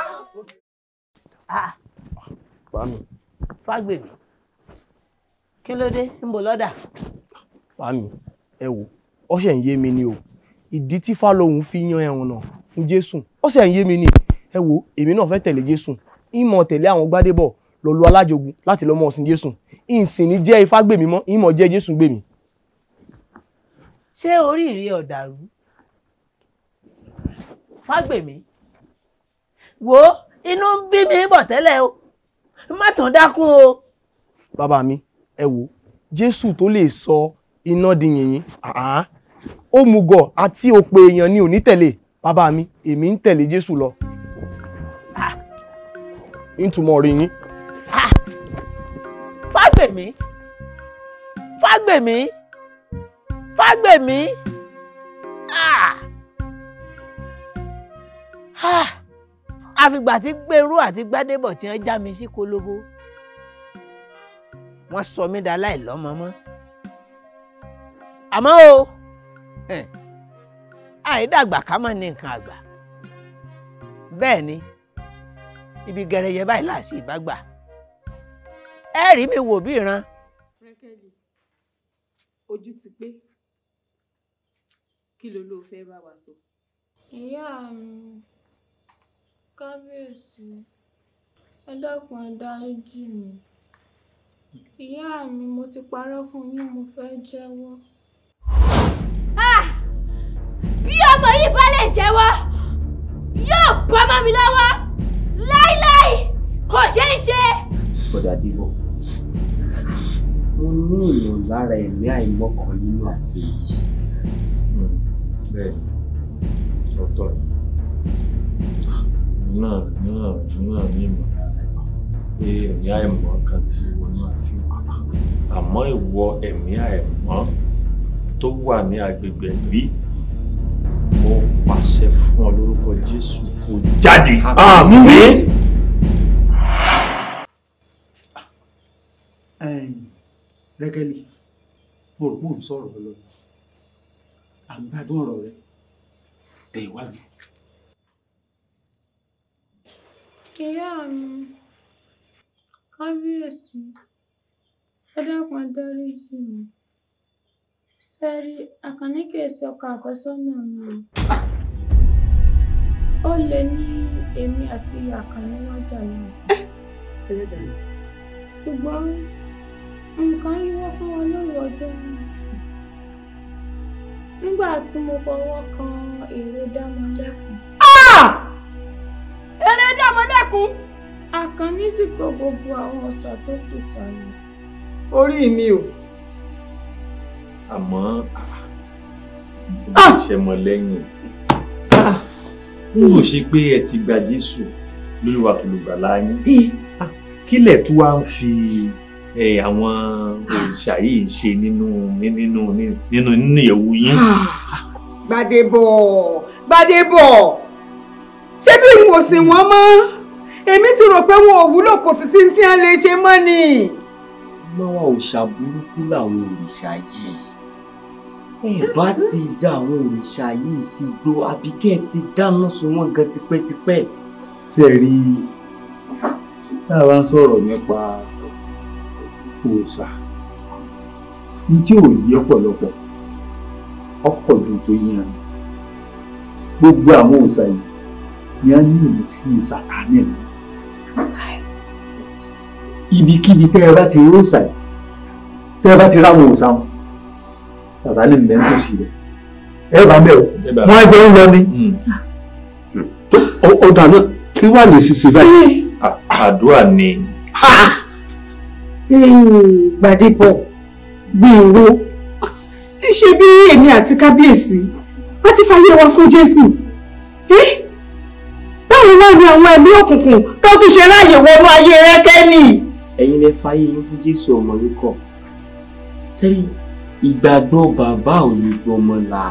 Fáàmì. Fágbèmí. Kí ló dé? Ń bò lọ́dà. Fáàmì, ẹ wò, ó ṣẹ̀ ń yé mi ni o. Ìdí tí Fálóhùn fi yan ẹ̀wọ̀n náà fún Jésù. Ó ṣẹ̀ ń yé mi ni. Ẹ wò, èmi náà fẹ́ tẹ̀lé Jésù. Ìmọ̀ tẹ̀lé àwọn Gbádébọ̀ lọ lu alájogun láti lọ mọ ọ̀sìn jésù ìsìn ní jẹ́ ifá gbèmí mọ́ ìmọ̀ jẹ́ jésù gbèmí. ṣé orí ìrí ọ̀dàrú fágbèmí wo inú ń bí mi bọ̀ tẹ́lẹ̀ o má tún dákún o. bàbá mi ẹ wo jésù tó lè sọ iná di yìnyín òmùgọ̀ àti òpè èèyàn ni ò ní tẹ̀lé bàbá mi èmi ń tẹ̀lé jésù lọ. nítumọ̀ rí yín fágbèmí fágbèmí fágbèmí àfìgbà ah. ah. tí gbèrú àti gbádébọ̀ tí wọ́n já mi sí kolobo wọ́n sọ mí dá láì lọ́mọ mọ́ àmọ́ o àìdàgbà ká má ní nǹkan àgbà bẹ́ẹ̀ ni ibi gẹrẹyẹ báyìí láàṣì ìbá gbà ẹ rí mi wò bí ìran. rẹ́kẹ̀lì ojú ti pé kí ló ló fẹ́ bá wa sọ. ìyá mi kábíyèsí ẹ dákun ẹ dáríjì mi ìyá mi mo ti parọ́ fún yín mo fẹ́ jẹ́wọ́. Ah! bí ọmọ yìí bá lè jẹ́wọ́ yóò bọ́ mọ́ mi lọ́wọ́ láíláí kò ṣeé ṣe bọ́dà dìbò mo ní ìlò lára ẹ̀mí àìmọ́kàn nínú àfẹ́ yìí. Hmm, bẹ́ẹ̀ ọ̀tọ̀ náà náà náà ní ìmọ̀ pé ẹ̀mí àìmọ́ kan ti wọnú àfẹ́ wà àmọ́ ìwọ ẹ̀mí àìmọ́ tó wà ní agbègbè bí mo pàṣẹ fún ọ lórúkọ Jésù kó jáde. àmín. rẹ́kẹ́lì mo rò pé òun sọ̀rọ̀ lọ à ń gbádùn ọ̀rọ̀ rẹ tẹ̀ ìwádìí. ìyá mi kábíyèsí ẹ dákun dárí jì mí sẹ́rí àkànní kìí ṣe ọkọ àfẹ́sọ́nà mi ó lè ní èmi àti àkànní wájà náà ṣùgbọ́n nǹkan yíwọ́ fún wọn lóru ọjọ́ náà nígbà tí mo fọwọ́ kan èrè dámọ̀lẹ́kùn. Ah! èrè dámọ̀lẹ́kùn. àkànní sì kó gbogbo àwọn ọ̀sán tó kù sọnù. orí mi o àmọ́ ah! ìṣẹ̀mọ̀ lẹ́yìn ah! n ò ṣe pé ẹ ti gba Jésù lórí wa tó lùgbà láyé eh! kílẹ̀ tó wá ń fi àwọn òrìṣà yìí ń ṣe nínú nínú nínú nínú ìyẹ̀wù yín. Gbádébọ̀ Gbádébọ̀ ṣé bí n kò sí wọn mọ́ èmi ti rò pé wọn ò wúlò kò sì sí tí wọn lè ṣe mọ́ ni. lọ́wọ́ òòṣà burúkú làwọn òrìṣà yìí ẹ bá ti dá àwọn òrìṣà yìí sí gbó àbíkẹ́ ti dáná sun wọ́n gan tipẹ́tipẹ́. ṣe rí i tá a bá ń sọ̀rọ̀ nípa òòṣà ní tí ò yí ọ̀pọ̀lọpọ̀ ọ̀pọ̀ ju tó yíyan ni gbogbo àwọn òòṣà yìí ni a ní ìmísí ìsàtánì mi ibikíbi tẹ́ ẹ bá ti rí òòṣà yìí tẹ́ ẹ bá ti ráwọn òòṣà wọn sàtánì mi lẹ́nu kò sí rẹ̀ ẹ bá bẹ̀ wọ́n á jẹ́ ń lọ ni ọ̀dà hmm. náà kí wàá lè ṣiṣẹ́ báyìí hmm. àdúrà ni. Gbàdébọ̀ gbèrò ṣe bí èmi àti kábíyèsí wọ́n ti fàyè wa fún Jésù báwo wá ní àwọn ẹ̀mí òkùnkùn tó tún ṣe ráàyè wọnú ayé rẹ kẹ́ni. ẹ̀yin lè fàyè yín fún Jésù ọmọ yín kọ sẹ́yìn ìgbàgbọ́ bàbá ò ní gbọmọ là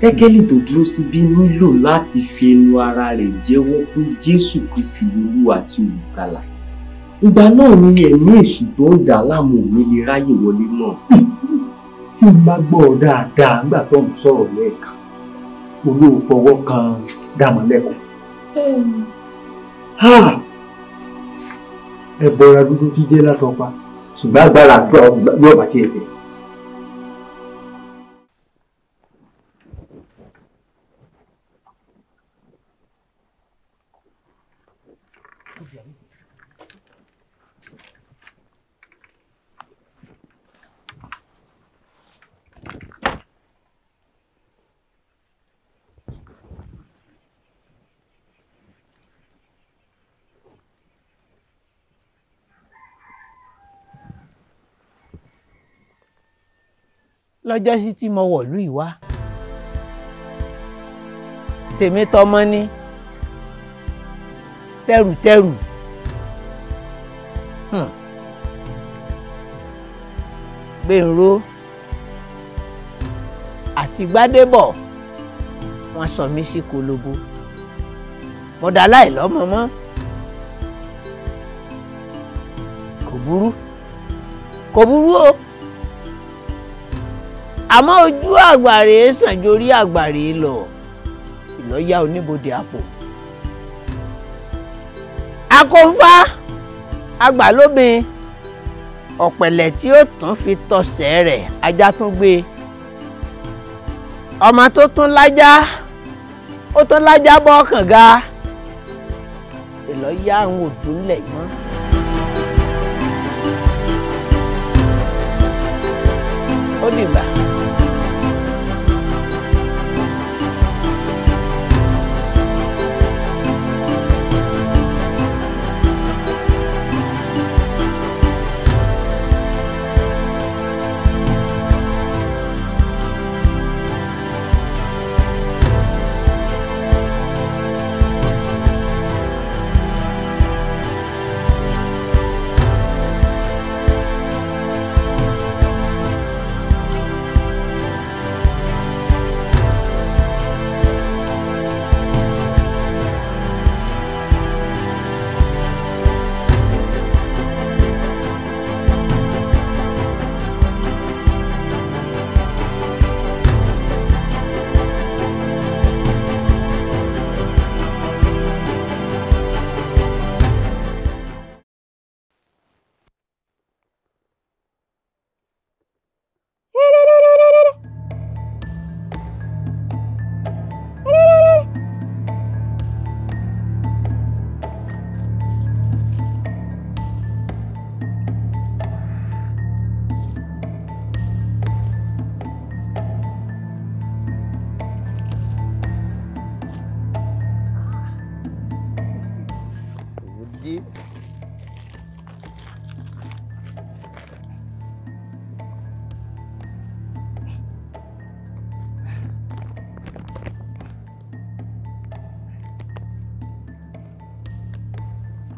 kẹ́kẹ́lì tó dúró síbí nílò láti fi ẹnu ara rẹ̀ jẹ́wọ́ pé Jésù Kristi lolúwa àti olùgbàlà ìgbà náà ni ẹ̀mí èṣù tó ń dà láàmú mi lè ráyè wọlé náà tí n bá gbọ́ ọ dáadáa nígbà tó ń sọ̀rọ̀ lẹ́ẹ̀kan olóò fọwọ́ kan dàmọ́ lẹ́kọ̀ọ́. Ah! ẹ bọra dúdú tí jẹ́ látọpa ṣùgbọ́n agbára àdúrà yóò bá tiẹ̀ bẹ̀rẹ̀. lọ́jọ́ sí tí mo wọ̀lú ìwá tèmi tọmọ ní tẹrùtẹrù hmm. gbèrò àti gbádébọ̀ wọ́n sọ mí sí kolobo mo dá láì lọ́mọ mọ́ kò burú kò burú o àmọ́ ojú àgbàre sàn jórí àgbàre lọ ìlọ́yà oníbodè àpò akófá agbálóbin ọ̀pẹ̀lẹ̀ tí ó tún fi tọ̀sẹ̀ rẹ̀ ajá tún gbé ọmọ tó tún lájá ó tún lájá bọ́ ga, ìlọ́yà àwọn òdúnlẹ̀ mọ́. ó dìgbà.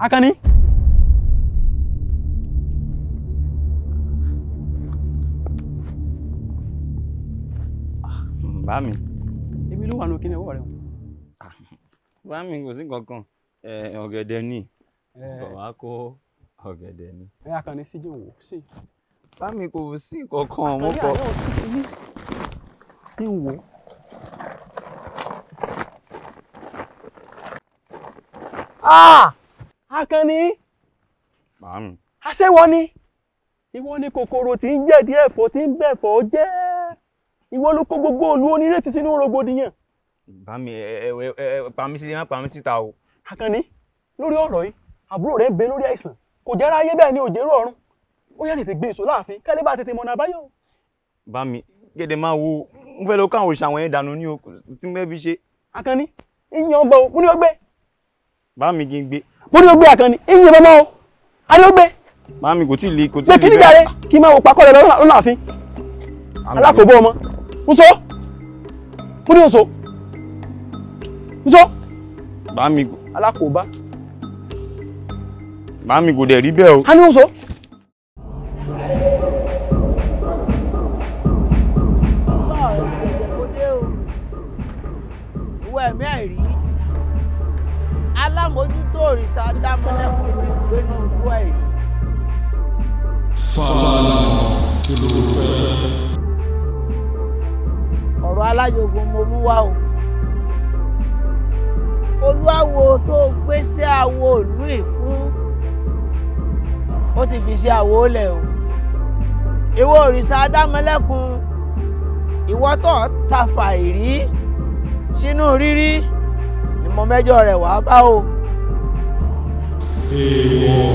Akanni. bá mi èmi ló wà ní kíni ọwọ́ o. bá mi kò sí kankan ọ̀gẹ̀dẹ̀ ni bàbá kó ọ̀gẹ̀dẹ̀ ni. ẹ Akanni síjú wò sí. bá mi kò sí kankan ọmọ kọ. kí n ah akànnì aṣẹ́wó ni ìwọ ni kòkòrò tí ń jẹ̀dí ẹ̀fọ́ tí ń bẹ̀fọ́ jẹ́ ìwọ ló kó gbogbo òlu onírètí sínú rògbòdìyàn. bàmí ẹ ẹ ẹ pàmí sí má pàmí síta o. akànnì lórí ọ̀rọ̀ yìí àbúrò rẹ̀ ń bẹ lórí àìsàn kò jẹ́ ráyé bẹ́ẹ̀ ni òjèrò ọ̀run ó yá tètè gbé èso láàfin kẹ́lẹ́ bá tètè mọ̀nà àbáyọ. bàmí gẹ́gẹ́ máa wo ń fẹ́ lọ káwọn òṣàwọn yẹn dànù ní o sí mẹ́bí ṣe. akànnì ìyàn ọ̀bọ̀ òkú ni ó gbé. bàmí kì í gbé mo ní gbogbo àkànni ìyìn bọ́mọ́ o adéwọ́gbé. màámi kò tí ì le kò tí ì le bẹ́ẹ̀. pé kí ní gàre kí n máa wò pakọ́ rẹ̀ lọ́láàfin alákòóbó ọmọ nso mo ní nso nso. màámi kò. alákòóbá. màámi kò dẹ̀ rí bẹ́ẹ̀ o. a ní nso. òrìṣà dámọ́lẹ́kùn ti gbénú ìlú ẹ̀rí. fàlànà kí ló fẹ́. ọ̀rọ̀ alájogun mo mú wá o olúwawo tó gbéṣẹ́ àwo ìlú ìfún ó ti fi ṣe àwo lẹ̀ o ìwọ òrìṣà dámọ́lẹ́kùn ìwọ ta fàìrí sínú rírí ni mo mẹ́jọ rẹ̀ wá bá o èèwọ̀.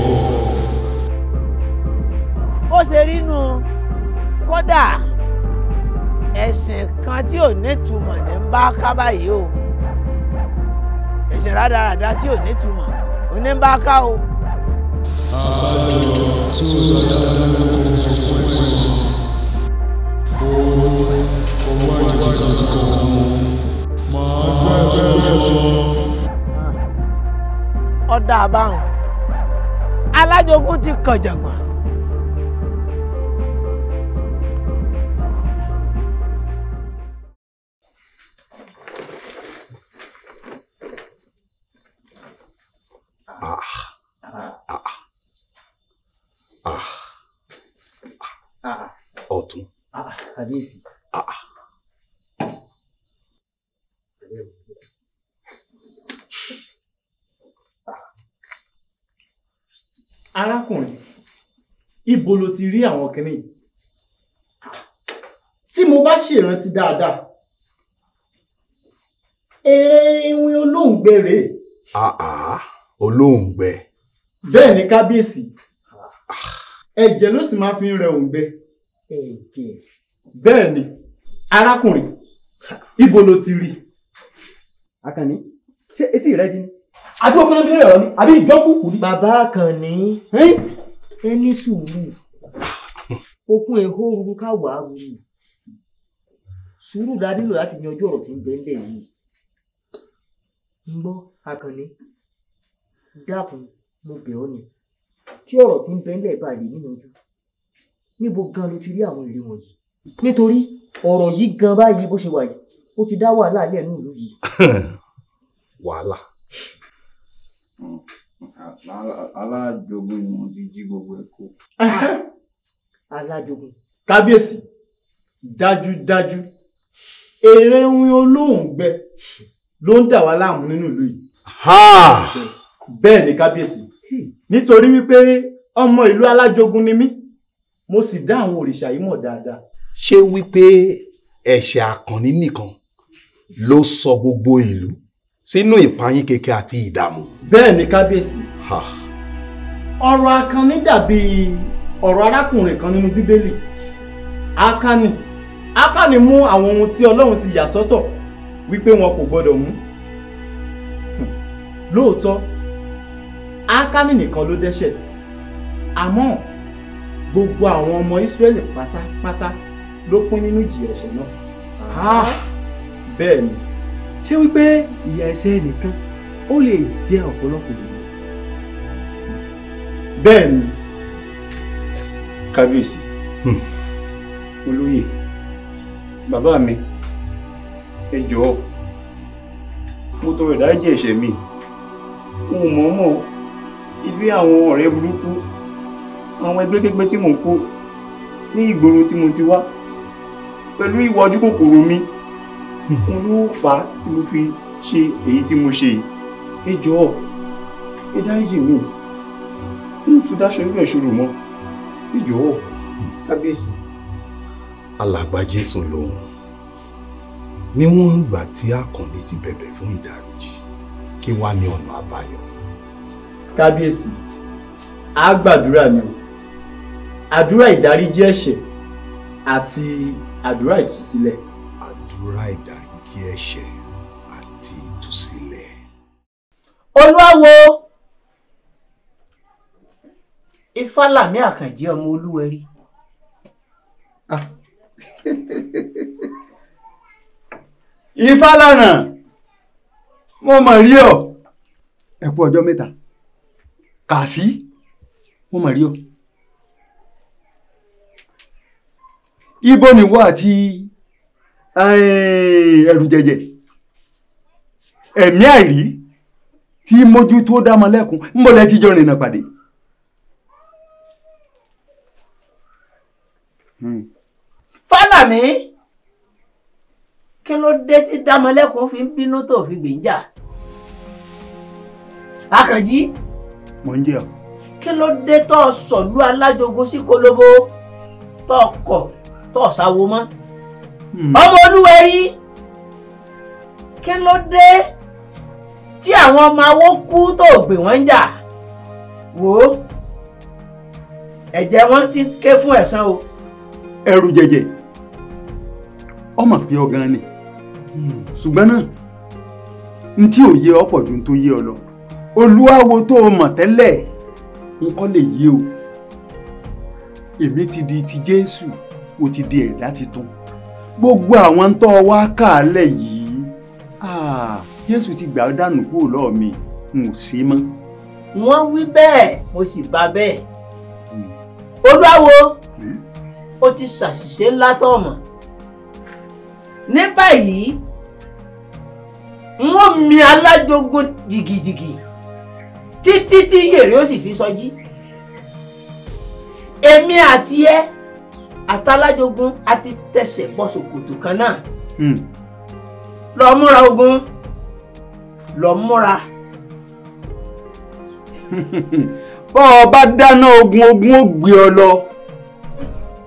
ó ṣe rínú kódà ẹ̀sìn kan tí ò nítumọ̀ ní ń bá ká báyìí o ẹ̀sìn rádaràda tí ò nítumọ̀ ò ní ń bá ká o. àbájọ tí ó sọ sí alágbèbọn sọ fún ẹ̀sìn sọ owó owó àjèjì kankan máa gbẹ́ ẹ̀sìn sọ. ọ̀dà àbáhùn alájogún ti kànjàngbọ̀n. Ah, ah, ah, ah kábíyèsí. arákùnrin ibo lo ti rí àwọn kinní tí mo bá ṣèrántí dáadáa eré iwin olóògbé rèé. àà olóògbé. bẹ́ẹ̀ ni kábíyèsí ah. ẹ̀jẹ̀ ló sì máa fi ń rẹ òǹgbẹ. bẹ́ẹ̀ ni arákùnrin ibo lo ti rí. Àkànní ṣé etí rẹ di ni àbí òkú ló ti lè rọ ni àbí ìjọkùkù ni. bàbá kan ní ẹni sùúrù okun èho ruru ká wàá ruru sùúrù la nílò láti yanjú ọ̀rọ̀ tí ń bẹ ńlẹ̀ yìí ń gbọ́ akànnì dákun mo bẹ̀ ọ́ ni kí ọ̀rọ̀ tí ń bẹ ńlẹ̀ bá lè níyanjú níbo gan ló ti rí àwọn èrè wọ̀nyí nítorí ọ̀rọ̀ yìí gan báyìí bó ṣe wà yìí ó ti dá wàhálà lẹ́nu ìlú yìí. alájogun ni mo ti jí gbogbo ẹ̀ kó. Ah, alájogun. kábíyèsí dájúdájú èrè ohun olóògbé ló ń dà wá láàmú nínú ìlú yìí. bẹ́ẹ̀ ni kábíyèsí nítorí wípé ọmọ ìlú alájogun ni mí mo sì dá àwọn òrìṣà yìí mọ̀ dáadáa. ṣé wípé ẹ̀ṣẹ̀ àkànní nìkan ló sọ gbogbo ìlú sínú ìpayín keke àti ìdààmú. bẹ́ẹ̀ ni kábíyèsí ọ̀rọ̀ Àkànní dàbí ọ̀rọ̀ arákùnrin kan nínú bíbélì Àkànní Àkànní mú àwọn ohun tí Ọlọ́run ti yà sọ́tọ̀ wípé wọn kò gbọdọ̀ mú hmm. lóòótọ́ Àkànní nìkan ló dẹ́ṣẹ̀ àmọ́ gbogbo àwọn ọmọ Ísírẹ́lì pátápátá ló pín nínú ìjìyà ẹ̀ṣẹ̀ náà bẹ́ẹ̀ ni. ṣé wípé ìyà ẹ̀ṣẹ̀ nìkan ó lè jẹ́ ọ̀pọ̀lọpọ̀ bẹ́ẹ̀ ni kábíyèsí hmm. olóyè bàbá mi ẹ jọ̀ọ́ mo tọrọ ìdáríjì ẹ̀ṣẹ̀ mi n ò mọ̀ọ́mọ̀ ibi àwọn ọ̀rẹ́ burúkú àwọn ẹgbẹ́kẹ́gbẹ́ tí mò ń kó ní ìgboro tí mo ti wá pẹ̀lú ìwà ojú kòkòrò mi hmm. n ló fà á tí mo fi ṣe èyí tí mo ṣe ẹ jọ̀ọ́ ẹ dáríjì mi dáṣọ irú ìṣòro mọ́ ìjọ̀wọ́ kábíyèsí. alàgbà jésù lòun níwọ̀n ìgbà tí àkànní ti bẹ̀bẹ̀ fún ìdáríjì kí wá ní ọ̀nà àbáyọ. kábíyèsí a gbàdúrà ni o àdúrà ìdáríjì ẹ̀ṣẹ̀ àti àdúrà ìtúsílẹ̀. àdúrà ìdáríjì ẹ̀ṣẹ̀ àti ìtúsílẹ̀. olúwa wo ifálàmì àkànjẹ ọmọ olúwẹrí. Ah. ifálànà mo mọ̀ rí ọ ẹ kú ọjọ́ mẹ́ta kàásì mo mọ̀ rí ọ. ibo nìwọ àti eh, ẹrù jẹjẹ ẹ̀mí àìrí tí mójútó dá mọ lẹ́kùn ń bọ̀ lẹ́tí jọ rìnnà pàdé. Hmm. Fálàmí kí ló dé tí Dámọlẹ́kùn fi ń bínú tó fi gbèjà Àkànjí. Mò ń jẹ ọ. Kí ló dé tó sọ̀lú alájogo sí kolobo tó kọ̀ tó sáwo mọ́. Hmm. Ọmọ Olúwẹ̀rí kí ló dé tí àwọn ọmọ awó kú tó gbè wọ́n ń jà wò ó ẹ̀jẹ̀ wọn ti ké fún ẹ̀san o. ẹrù jẹjẹ ọmọ pé ọgán ni ṣùgbọ́n náà n tí ò yé ọ pọ̀ ju n tó yé ọ lọ olúwawo tó o mọ̀ tẹ́lẹ̀ n kọ́ lè yé o èmi ti di ti Jésù o ti di ẹ̀dá titun gbogbo àwọn ń tọ́ wá kàálẹ̀ yìí ah, Jésù ti gbà ọ́ dànù kúrò lọ́ọ̀ mi n ò sí mọ́. wọ́n wí bẹ́ẹ̀ mo sì bá bẹ́ẹ̀ olúwawo. Hmm? ó ti ṣàṣìṣe ńlá tọ̀mọ̀ ní báyìí wọ́n mi alájogun jìgìjìgì títí tí yèrè ó sì fi sọjí èmi àti ẹ àtàlájogun a ti tẹsẹ̀ bọ́ ṣòkòtò kan náà hmm. lọ múra ogun lọ múra. bọ́ ọ bá dáná ogun ogun ó gbé ọ lọ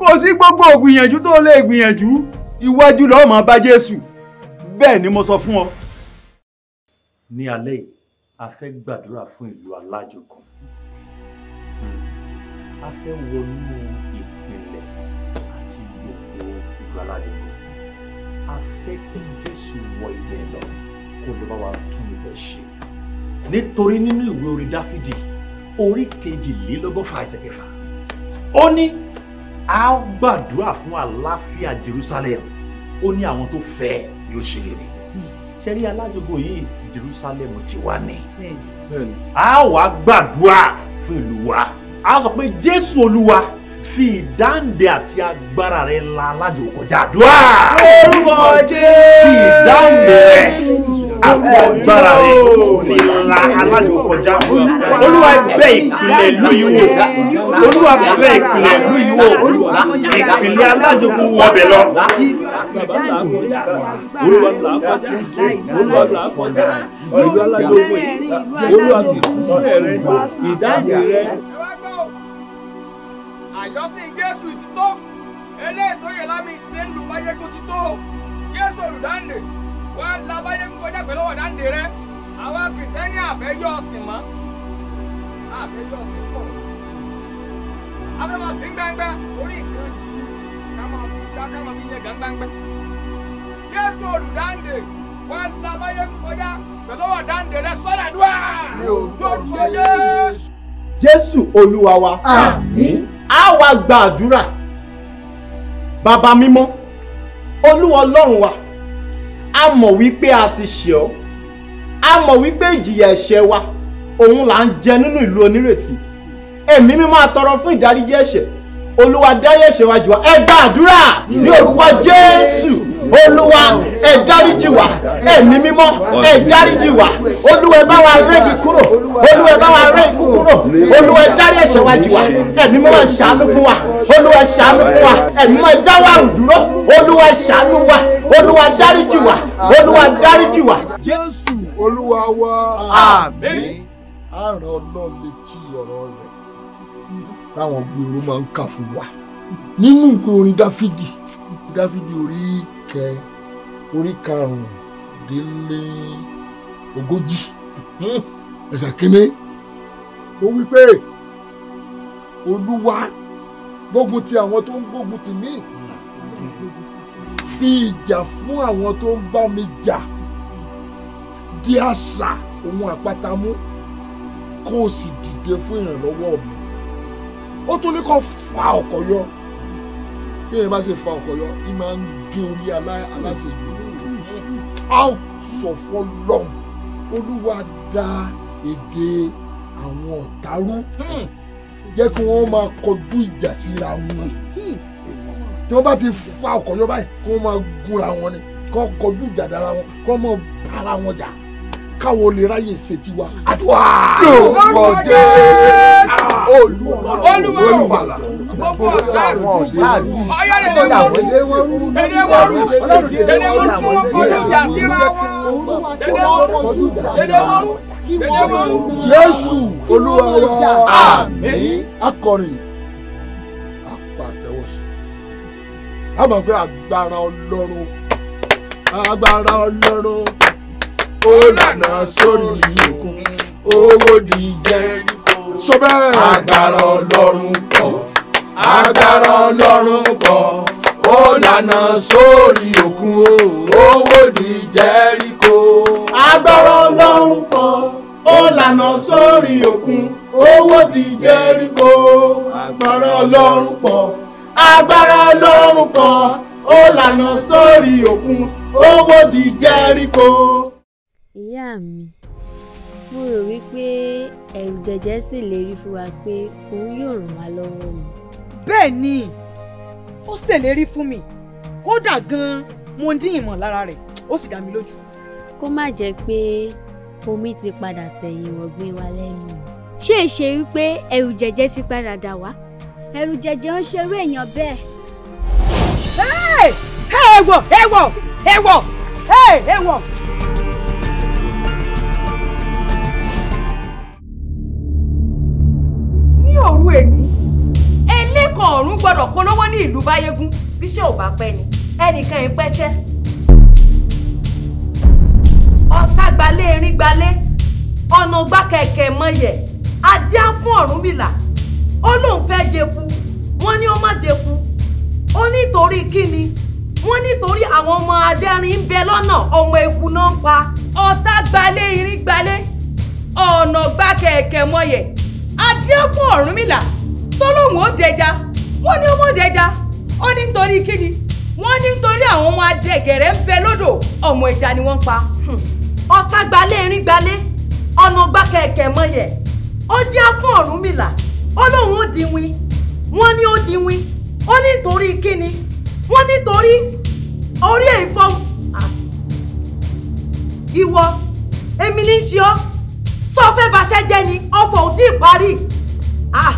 kò sí gbogbo ògbìyànjú tó lè gbìyànjú iwájú lọ́ọ́ máa bá Jésù bẹ́ẹ̀ ni mo sọ fún ọ. ní alẹ́ yìí a fẹ́ gbàdúrà fún ìlú alájò kan a fẹ́ wọnú ìpìlẹ̀ àti gbogbo ìlú alájò kan a fẹ́ kí Jésù wọ ilẹ̀ lọ kó lè bá wa tún ibẹ̀ ṣe nítorí nínú ìwé orí Dáfídì orí kejìlélọ́gọ́fà ẹsẹ̀ kẹfà ó ní a gbàdúrà fún àlàáfíà Jerusalem ó ní àwọn tó fẹ́ yóò ṣe rere ṣe rí yìí Jerusalem ti wà ní a wá gbàdúrà fún ìlú wa a sọ pé Jésù Olúwa fi ìdáǹdè àti agbára rẹ la alájogo kọjá àdúrà orúkọ Jésù fi ìdáǹdè rẹ agbára rẹ̀ fi la alájò kọjá olúwa bẹ́ ìpìlẹ̀ ìlú yìí wò olúwa bẹ́ ìpìlẹ̀ ìlú yìí wò ìpìlẹ̀ alájò kò wọ ọbẹ̀ lọ. Olúwa alájò kò olúwa sì kú ẹ̀rẹ́ ìdájì rẹ̀. àyọ́sìn Jésù ìtítọ́ eléyìí tó yẹ lámì ṣe ń lu máyégún títọ́ Jésù olùdáǹdè wà lá pẹ̀lú ọ̀dà ń dèrè àwa kìrìtẹ́nì àfẹ́jọ́ ọ̀sìn mọ́ àfẹ́jọ́ ọ̀sìn pọ̀ afẹ́mọ̀sìn gbẹ́ngbẹ́ orí nǹkan Jésù Olúwa wa á wá gba àdúrà bàbá mímọ́ Olúwa Ọlọ́run wa a mọ̀ wípé a ti ṣẹ̀ ọ́ a mọ̀ wípé ìjìyà ẹ̀ṣẹ̀ wa òun là ń jẹ nínú ìlú onírètí ẹ̀mí mi máa tọrọ fún ìdáríjì ẹ̀ṣẹ̀ olúwa dárí ẹ̀ṣẹ̀ wa jì wá ẹ gba àdúrà ní orúkọ jésù olúwa ẹ dáríjì wá ẹ̀mí mímọ́ ẹ dáríjì wá olúwa ẹ bá wa rẹ́ ibi kúrò olúwa ẹ bá wa rẹ́ ikú kúrò olúwa ẹ dárí ẹ̀ṣẹ̀ wa jì wá ẹ̀mí mímọ́ ẹ ṣàánú fún wa olúwa ẹ ṣàánú fún wa ẹ̀mí mímọ́ ẹ dáwọ́ àrùn dúró olúwa ẹ ṣàánú wa olúwa dáríjì wá olúwa dáríjì wá. jésù olúwa wa àmín àrùn ọlọ́run létí ọ̀rọ̀ rẹ̀ táwọn gbòòrò máa ń kà fún wa nínú ìwé orin dáfídì dáfídì orí kẹ orí karùn-ún-dín-ní ogójì ẹsẹ̀ kínní ó wí pé olúwa gbógun ti àwọn tó ń gbógun ti mí fi ìjà fún àwọn tó ń bá mi jà di àṣà ohun àpáta mú kó o sì dìde fún ìrànlọ́wọ́ mi ó tún ní kó fa ọkọ̀ yọ bí èèyàn bá ṣe fa ọkọ̀ yọ ẹ máa ń gé orí aláṣejù a ó sọ fọlọ́n olúwa dà èdè àwọn ọ̀tá rú hmm. jẹ́ kí wọ́n máa kọjú ìjà síra wọn. Hmm tí wọ́n bá ti fa ọkọ̀ yọ báyìí kí wọ́n máa gúnra wọn ni kí wọ́n kọjú ìjà dára wọn kí wọ́n máa bára wọn jà káwọn olè ráyè ṣètì wa àdúrà. lórúkọjẹ olúwa olúwa gbogbo ọ̀gá ìlú ọyọ́ ẹ̀dẹ̀ wọ́n rú ẹ̀dẹ̀ wọ́n rú ẹ̀dẹ̀ wọ́n rú tí wọ́n kọjú ìjà síra wọn ẹ̀dẹ̀ wọ́n rú ẹ̀dẹ̀ wọ́n rú ẹ̀dẹ̀ wọ́n rú. jésù olúwa wa àmín akọrin. a mọ̀ pé agbára ọlọ́run agbára ọlọ́run ó lànà sórí ìkún owó di Jẹ́ríkò. sọ bẹ́ẹ̀. agbára ọlọ́run kọ́ agbára ọlọ́run kọ́ ó lànà sórí òkun owó di Jẹ́ríkò. agbára ọlọ́run kọ́ ó lànà sórí òkun owó di Jẹ́ríkò. agbára ọlọ́run kọ́ agbára Ọlọ́run kan ó lànà sórí òkun ó wòdì Jẹ́ríkò. ìyá mi mo rò wípé ẹ̀rù jẹ̀jẹ̀ sì lè rí fún wa pé òun yóò ràn wá lọ́wọ́ mi. bẹ́ẹ̀ ni ó ṣèlérí fún mi kódà gan-an mo ní ìmọ̀lára rẹ̀ ó sì dá mi lójú. kó má jẹ́ pé omi ti padà tẹ̀yìn wọ̀gbìn wa lẹ́nu ṣé èṣe wípé ẹ̀rù jẹ̀jẹ̀ ti padà dà wá ẹ̀rù jẹjẹ ń ṣerú èèyàn bẹ́ẹ̀. ẹ wò ẹ wò ẹ wò ẹ wò. ní òru èmi ẹlẹ́kọ̀ọ́ ọ̀run gbọ́dọ̀ polówó ní ìlú báyégún bíṣẹ́ ò bá pẹ́ ni ẹnìkan ì pẹ́ṣẹ́. ọ̀tá gbalé erin gbalé ọ̀nà gbá kẹ̀kẹ́ mọ̀yẹ̀ ajá fún Ọ̀rúnmìlà ó lóun fẹ́ jẹku wọ́n ní ó má jẹku ó nítorí kíni wọ́n nítorí àwọn ọmọ adẹ́rin ń bẹ lọ́nà ọmọ eku náà ń pa. ọ̀tá gbalé irin gbalé ọ̀nà gba kẹ̀kẹ́ mọ̀yẹ̀ adé fún Ọ̀rúnmìlà tó lóun ó dẹja wọ́n ní ó mọ̀ dẹja ó ní nítorí kíni wọ́n ní nítorí àwọn ọmọ adẹ́gẹ̀rẹ́ ń bẹ lódò ọmọ ìjà ni wọ́n pa. ọ̀tá gbalé irin gbalé ọ̀nà gba kẹ̀kẹ́ mọ̀yẹ̀ ó dé fún Ọ̀rúnmìlà ó lóun ó diwin wọ́n ní ó diwin ó nítorí kíni wọ́n nítorí orí èèfọ́ ìwọ èmi ní í ṣe ọ́ sọ fẹ́ baṣẹ́ jẹ́ ni ọ̀fọ̀ ò tí ì parí. Ah.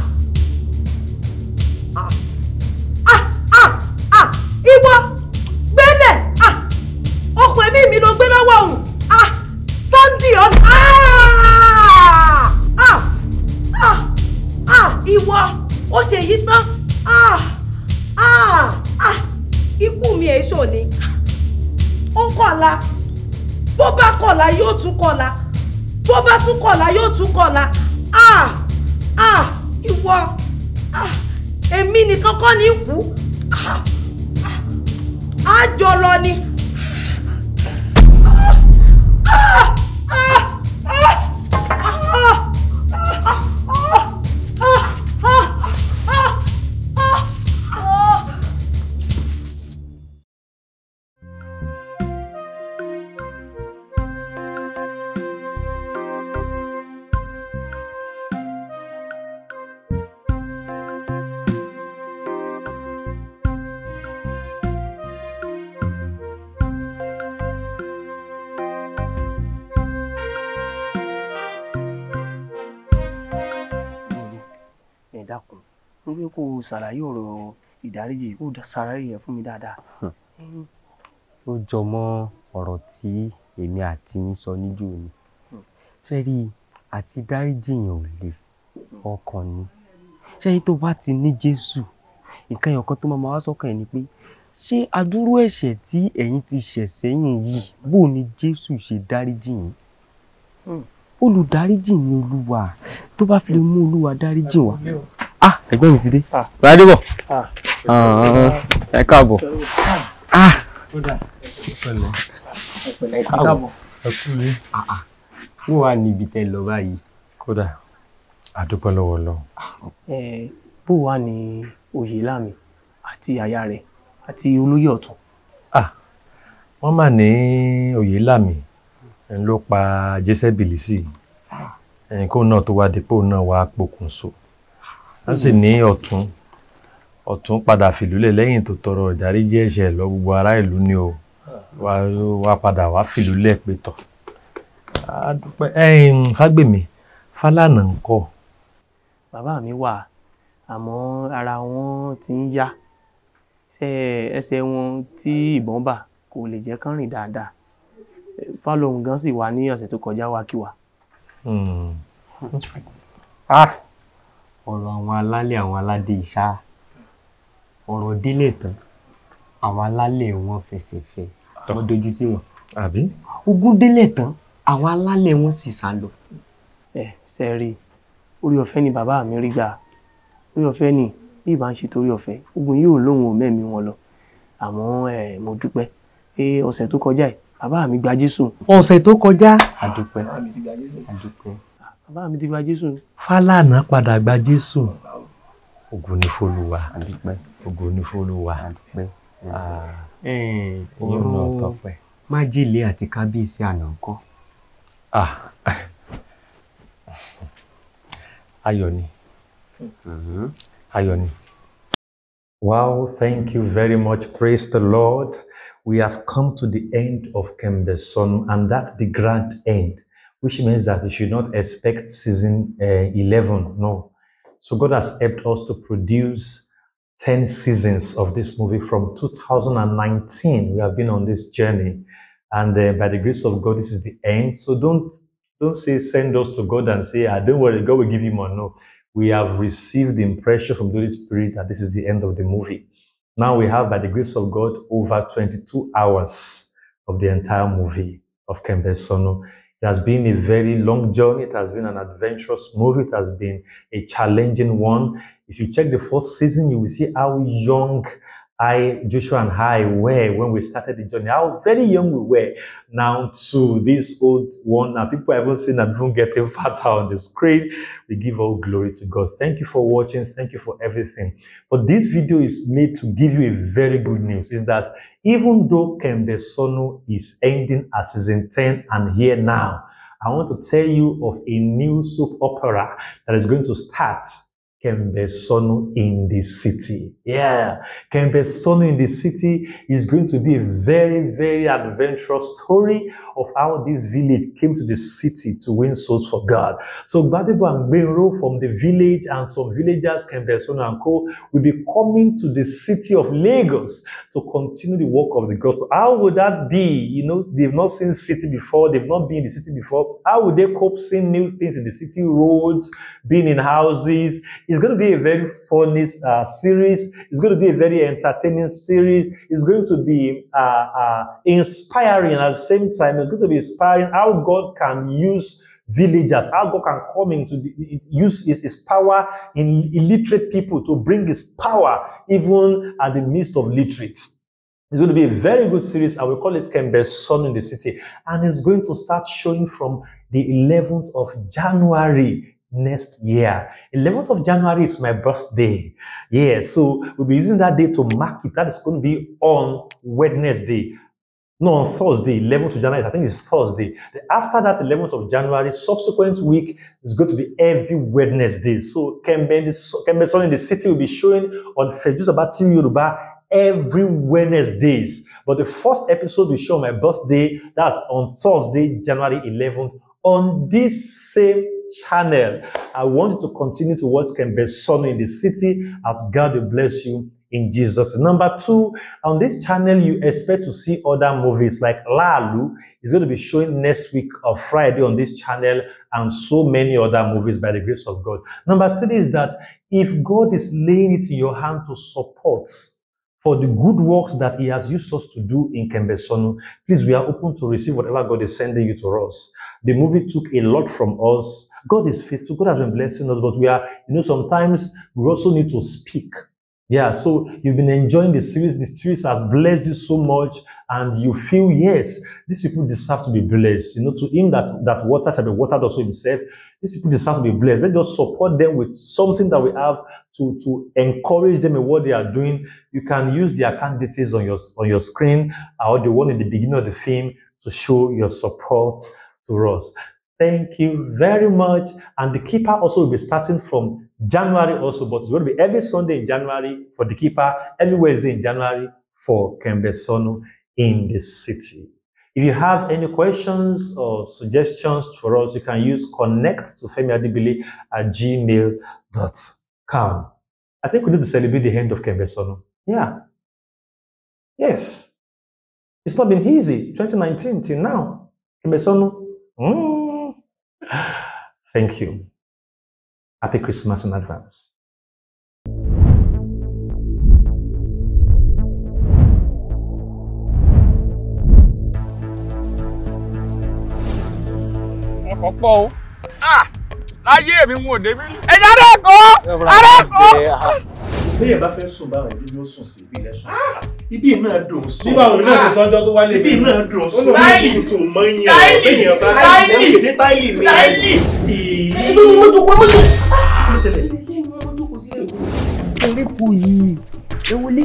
Ah. Ah. Ah. Ìwọ. kọ̀la tó bá tún kọ̀la yóò tún kọ̀la ah ah ìwọ ah èmi nìkan kọ́ ní kú ah ah àjọ lọ ni. Ah, ah, ṣàlàyé ọ̀rọ̀ ìdáríjì ó ṣàlàyé yẹn fún mi dáadáa. ó jọ mọ́ ọ̀rọ̀ tí èmi àti yín sọ níjó ni ṣé rí àti dáríjì yẹn ò le ọkàn ni ṣé yín tó bá ti ní Jésù nǹkan ẹ̀yọ̀ kan tó máa wá sọ́kàn ẹ̀ ni pé ṣé adúrú ẹ̀ṣẹ̀ tí ẹ̀yin ti ṣẹ̀ sẹ́yìn yìí bó ni Jésù ṣe dáríjì yín olùdáríjì ni olúwa tó bá fi lè mú olúwa dáríjì wa ah ẹ̀gbọ́n mi ti dé ràdébọ ah. ah. ah, ẹ káàbọ̀ ah ẹ káàbọ̀ ẹ kúlé wọn wà níbi tẹ́ lọ báyìí. kódà àdúpẹ́ lọ́wọ́ lọ. Eh, bó wà ní oyèlámi àti aya rẹ̀ àti olóyè ọ̀tún. wọ́n mà ní oyèlámi n ló pa jésẹ́bìlì sí ah. kó náà tó wá dépò náà wá pokùnso a sì ní ọ̀tún ọ̀tún padà fìlúlẹ̀ lẹ́yìn tó tọrọ ìdáríjì ẹ̀ṣẹ̀ lọ gbogbo ará ìlú ni o wá padà wá fìlúlẹ̀ pé tọ̀ Fágbèmí Fálànà ń kọ́. bàbá mi wà àmọ́ ara wọn ti ń yá ẹsẹ̀ wọn tí ìbọn bà kò lè jẹ́ kán rìn dáadáa fálọhùn gan sì wà ní ọ̀sẹ̀ tó kọjá wá kí wa. Hmm. Ah! ọ̀rọ̀ àwọn alálẹ̀ àwọn aládé ìṣá ọ̀rọ̀ délé tán àwọn alálẹ̀ wọn fẹsẹ̀ fẹ́ wọn dojú tì wọ́n. àbí. ogun délé tán àwọn alálẹ̀ wọn sì sá lọ. ẹ ṣe rí orí ọ̀fẹ́ ni bàbá mi rí gbà orí ọ̀fẹ́ ni bí ìbá ń ṣe torí ọ̀fẹ́ ogun yìí ò lóun ò mẹ́mí wọn lọ àmọ́ ẹ mo dúpẹ́ pé ọ̀sẹ̀ tó kọjá yìí bàbá mi gba jésù. ọ̀sẹ̀ tó kọjá. àdúpẹ́ àdúpẹ́. bàbá mi ti gba jésù. fálànà padà gba jésù. ògo ni f'Olúwa ògo ni f'Olúwa ọ̀rọ̀ májèlé àti kábíyèsí àná ńkọ́. ayọ̀ ni mm-hmm. ayọ̀ ni. Wow, thank you very much. Praise the Lord. we have come to the end of Kembeson, and that's the grand end, which means that we should not expect season uh, 11. No. So God has helped us to produce 10 seasons of this movie from 2019. We have been on this journey. And uh, by the grace of God, this is the end. So don't, don't say send us to God and say, I ah, don't worry, God will give you more. No. We have received the impression from the Holy Spirit that this is the end of the movie. Now we have, by the grace of God, over 22 hours of the entire movie of Kembe Sono. It has been a very long journey. It has been an adventurous movie. It has been a challenging one. If you check the first season, you will see how young I, Joshua and I were when we started the journey, how very young we were. Now to this old one, now people haven't seen and even getting fatter on the screen. We give all glory to God. Thank you for watching. Thank you for everything. But this video is made to give you a very good news is that even though Kembe Sono is ending at season 10 and here now, I want to tell you of a new soap opera that is going to start Kembe in the city. Yeah, Kembe in the city is going to be a very, very adventurous story of how this village came to the city to win souls for God. So Gbadebo and Benro from the village and some villagers, Kembe and Co, will be coming to the city of Lagos to continue the work of the gospel. How would that be? You know, they've not seen city before, they've not been in the city before. How would they cope seeing new things in the city, roads, being in houses? It's going to be a very funny uh, series. It's going to be a very entertaining series. It's going to be uh, uh, inspiring at the same time. It's going to be inspiring how God can use villagers, how God can come into the, use his, his power in illiterate people to bring his power even at the midst of literates. It's going to be a very good series, and we call it Kembe's Son in the City. And it's going to start showing from the 11th of January next year. 11th of January is my birthday. Yeah, so we'll be using that day to mark it. That is going to be on Wednesday. No, on Thursday, 11th of January, I think it's Thursday. After that 11th of January, subsequent week is going to be every Wednesday. So Kembe, Kembe in the city will be showing on about TV Yoruba every Wednesdays. But the first episode will show my birthday. That's on Thursday, January 11th on this same channel. I want you to continue to watch Ken Besson in the city as God will bless you in Jesus. Number two, on this channel, you expect to see other movies like Lalu is going to be showing next week of Friday on this channel and so many other movies by the grace of God. Number three is that if God is laying it in your hand to support, for the good works that he has used us to do in Kembesonu. Please, we are open to receive whatever God is sending you to us. The movie took a lot from us. God is faithful. God has been blessing us, but we are, you know, sometimes we also need to speak. Yeah, so you've been enjoying the series. The series has blessed you so much and you feel, yes, these people deserve to be blessed. You know, to him that, that water shall be watered also himself. These people deserve to be blessed. Let's just support them with something that we have to, to encourage them in what they are doing. You can use the account details on your, on your screen or the one in the beginning of the film to show your support to us. Thank you very much. And the keeper also will be starting from January also, but it's going to be every Sunday in January for the keeper, every Wednesday in January for Kembe Sono in the city. If you have any questions or suggestions for us, you can use connect to femiadibili at gmail.com. I think we need to celebrate the end of Kembesono. Yeah. Yes. It's not been easy, 2019 till now. Kembesono. Mm. Thank you. Happy Christmas in advance. ọkọ̀ pọ̀ o láyé mi wọn ò débi. ẹ̀yà adẹ́kọ̀ adẹ́kọ̀. béèyàn bá fẹ́ sùn báwọn ibi yóò sùn sí ibi ilẹ̀ sùn ah! ibi náà dùn sùn. nígbà wo náà sọ ọjọ́ tó wálé ibi náà dùn sùn. táìlì tó mọ yàn béèyàn bá táìlì ṣe táìlì mi. táìlì ìlú mọ́tò kọ́ mọ́tò. kí ló ṣẹlẹ̀? orí kù yìí ewúlé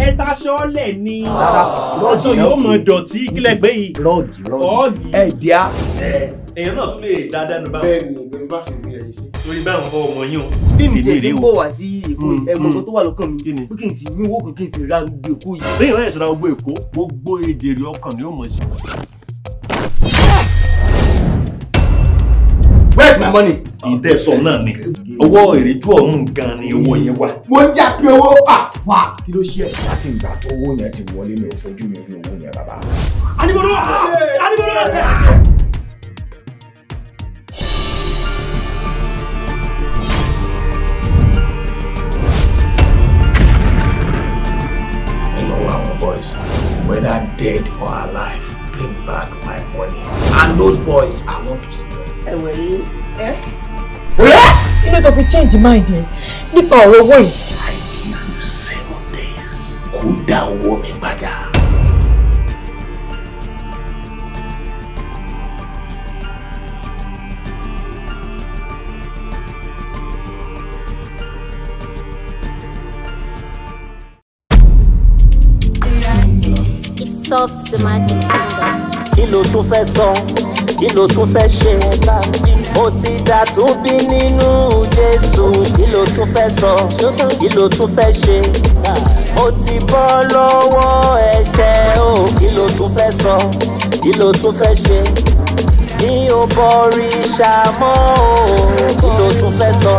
ẹ ta sọ́ọ̀lẹ̀ ni. Ah. aṣọ yóò mọ dọ̀tí kílẹ̀ gbé yìí. rọ́ọ̀gì rọ́ọ̀gì ẹ díá. èèyàn náà tún lè dá dẹnu báwọn. bẹ́ẹ̀ni bẹ́ẹ̀ni bá ṣe gbé ẹyẹ ṣe. torí báwọn fọ ọmọ yín o. bí mi tẹ̀ sí ń bọ̀ wá sí èkó mm, ẹ̀gbọ́n mm. tó wà lọ́kàn mi kí n sì ní owó kan kí n sì ra gbogbo èkó yìí. bẹ́ẹ̀ ni wọ́n yẹ̀ sọ́ra gbogbo èkó gbogbo èdèrè ọkàn ni ó mọ̀ sí where is my money. ìtẹ́ sọ náà ni owó ìrèjú ọ̀hún gan ni owó yẹn wà. mo ń yá pé owó à wà. kí ló ṣe ẹ̀sìn láti ìgbà tó owó yẹn ti wọlé mi ò fojú mi rí owó yẹn bàbá. àdìbòdò àdìbòdò àdìbòdò. boys, whether dead or alive, bring back my money. And those boys, I want to see them. Hey, You know, if you change your mind eh, nípa ọ̀rọ̀ owó I give you seven days kó dá woman, mi padà. It the magic kingdom. kí ló tún fẹ́ kí ló tún fẹ́ ṣe ó ti dà tó bí nínú Jésù kí ló tún fẹ́ sọ kí ló tún fẹ́ ṣe ó ti bọ́ lọ́wọ́ ẹ̀ṣẹ̀ o kí ló tún fẹ́ sọ kí ló tún fẹ́ ṣe mi ò bọ̀rì ṣàmọ́ o kí ló tún fẹ́ sọ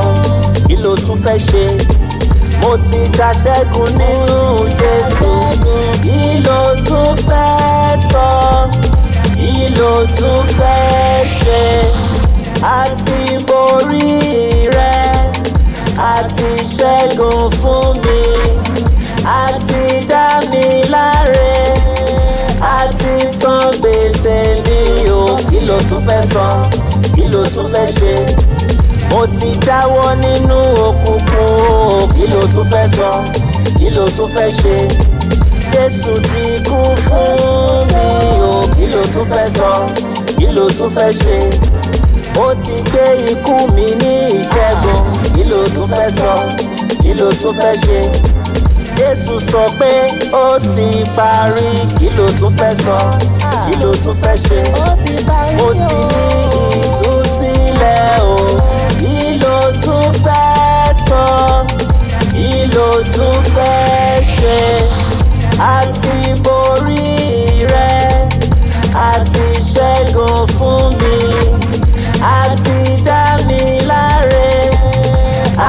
kí ló tún fẹ́ ṣe mo ti gba ṣẹ́gun nínú Jésù kí ló tún fẹ́ sọ kí ló tún fẹ́ ṣe àti borí rẹ àti ṣẹ́gun fún mi àti dá mi láre àti san gbèsè mi o kí ló tún fẹ́ san kí ló tún fẹ́ ṣe mo ti dáwọ́ nínú òkùnkùn o kí ló tún fẹ́ san kí ló tún fẹ́ ṣe Jésù ti kú fún mi o tún fẹ́ sọ kí ló tún fẹ́ ṣe ó ti gbé ikú mi ní ìṣẹ́gun kí ló tún fẹ́ sọ kí ló tún fẹ́ ṣe Jésù sọ pé ó ti parí kí ló tún fẹ́ sọ kí ló tún fẹ́ ṣe ó ti ní ìtúsílẹ̀ o kí ló tún fẹ́ sọ kí ló tún fẹ́ ṣe àti borí àti ṣẹ́gun fún mi àti dá mi láre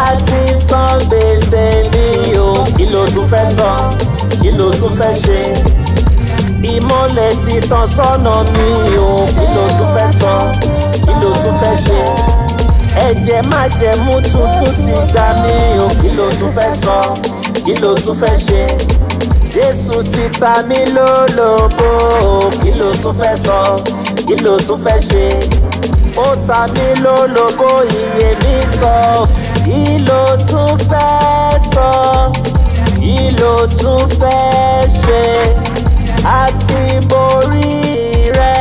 àti san gbèsè mi o kí ló tún fẹ́ sọ kí ló tún fẹ́ ṣe ìmọ̀lẹ̀ ti sọ́nà mi o kí ló tún fẹ́ sọ kí ló tún fẹ́ ṣe ẹ̀jẹ̀ má jẹ̀mú tuntun ti gbà mí o kí ló tún fẹ́ sọ kí ló tún fẹ́ ṣe jésù ti ta mí lólobó kí ló tún fẹ́ sọ kí ló tún fẹ́ ṣe ó ta mí lólobó iye mi sọ kí ló tún fẹ́ sọ kí ló tún fẹ́ ṣe àti borí rẹ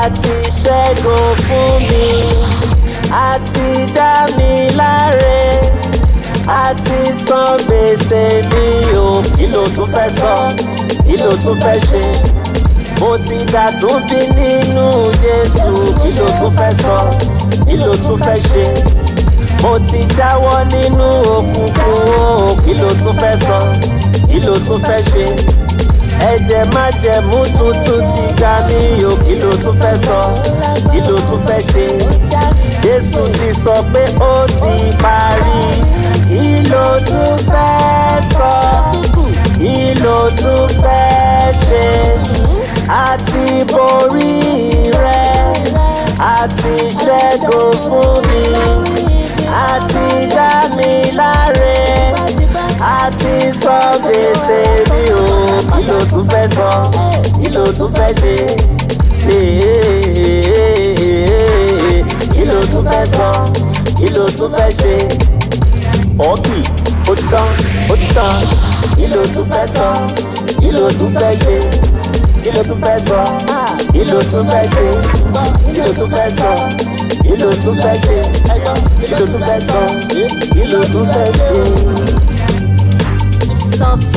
àti ṣẹ́gun fún mi àti dá mi láre a ti san gbèsè mi o kí ló tún fẹ́ sọ kí ló tún fẹ́ ṣe mo ti dàtún bí nínú Jésù kí ló tún fẹ́ sọ kí ló tún fẹ́ ṣe mo ti jáwọ́ nínú òkùnkùn o kí ló tún fẹ́ sọ kí ló fẹ́ ṣe ẹ̀jẹ̀ májẹ̀mú tuntun ti gbà mí o kí ló fẹ́ sọ kí ló fẹ́ ṣe Jésù ti sọ pé ó ti parí kí ló tún fẹ́ sọ kí ló tún fẹ́ ṣe àti borí rẹ àti ṣẹ́gun fún mi àti dá mi láre àti sọ gbèsè mi o kí ló tún fẹ́ sọ kí ló tún fẹ́ ṣe kí ló tún fẹ́ sọ kí ló tún fẹ́ ṣe ọ̀ọ́kì ó ti tán ó ti tán kí ló tún fẹ́ sọ kí ló tún fẹ́ ṣe kí ló tún fẹ́ sọ kí ló tún fẹ́ ṣe kí ló tún fẹ́ sọ kí ló tún fẹ́ ṣe kí ló tún fẹ́ sọ kí tún fẹ́ ṣe.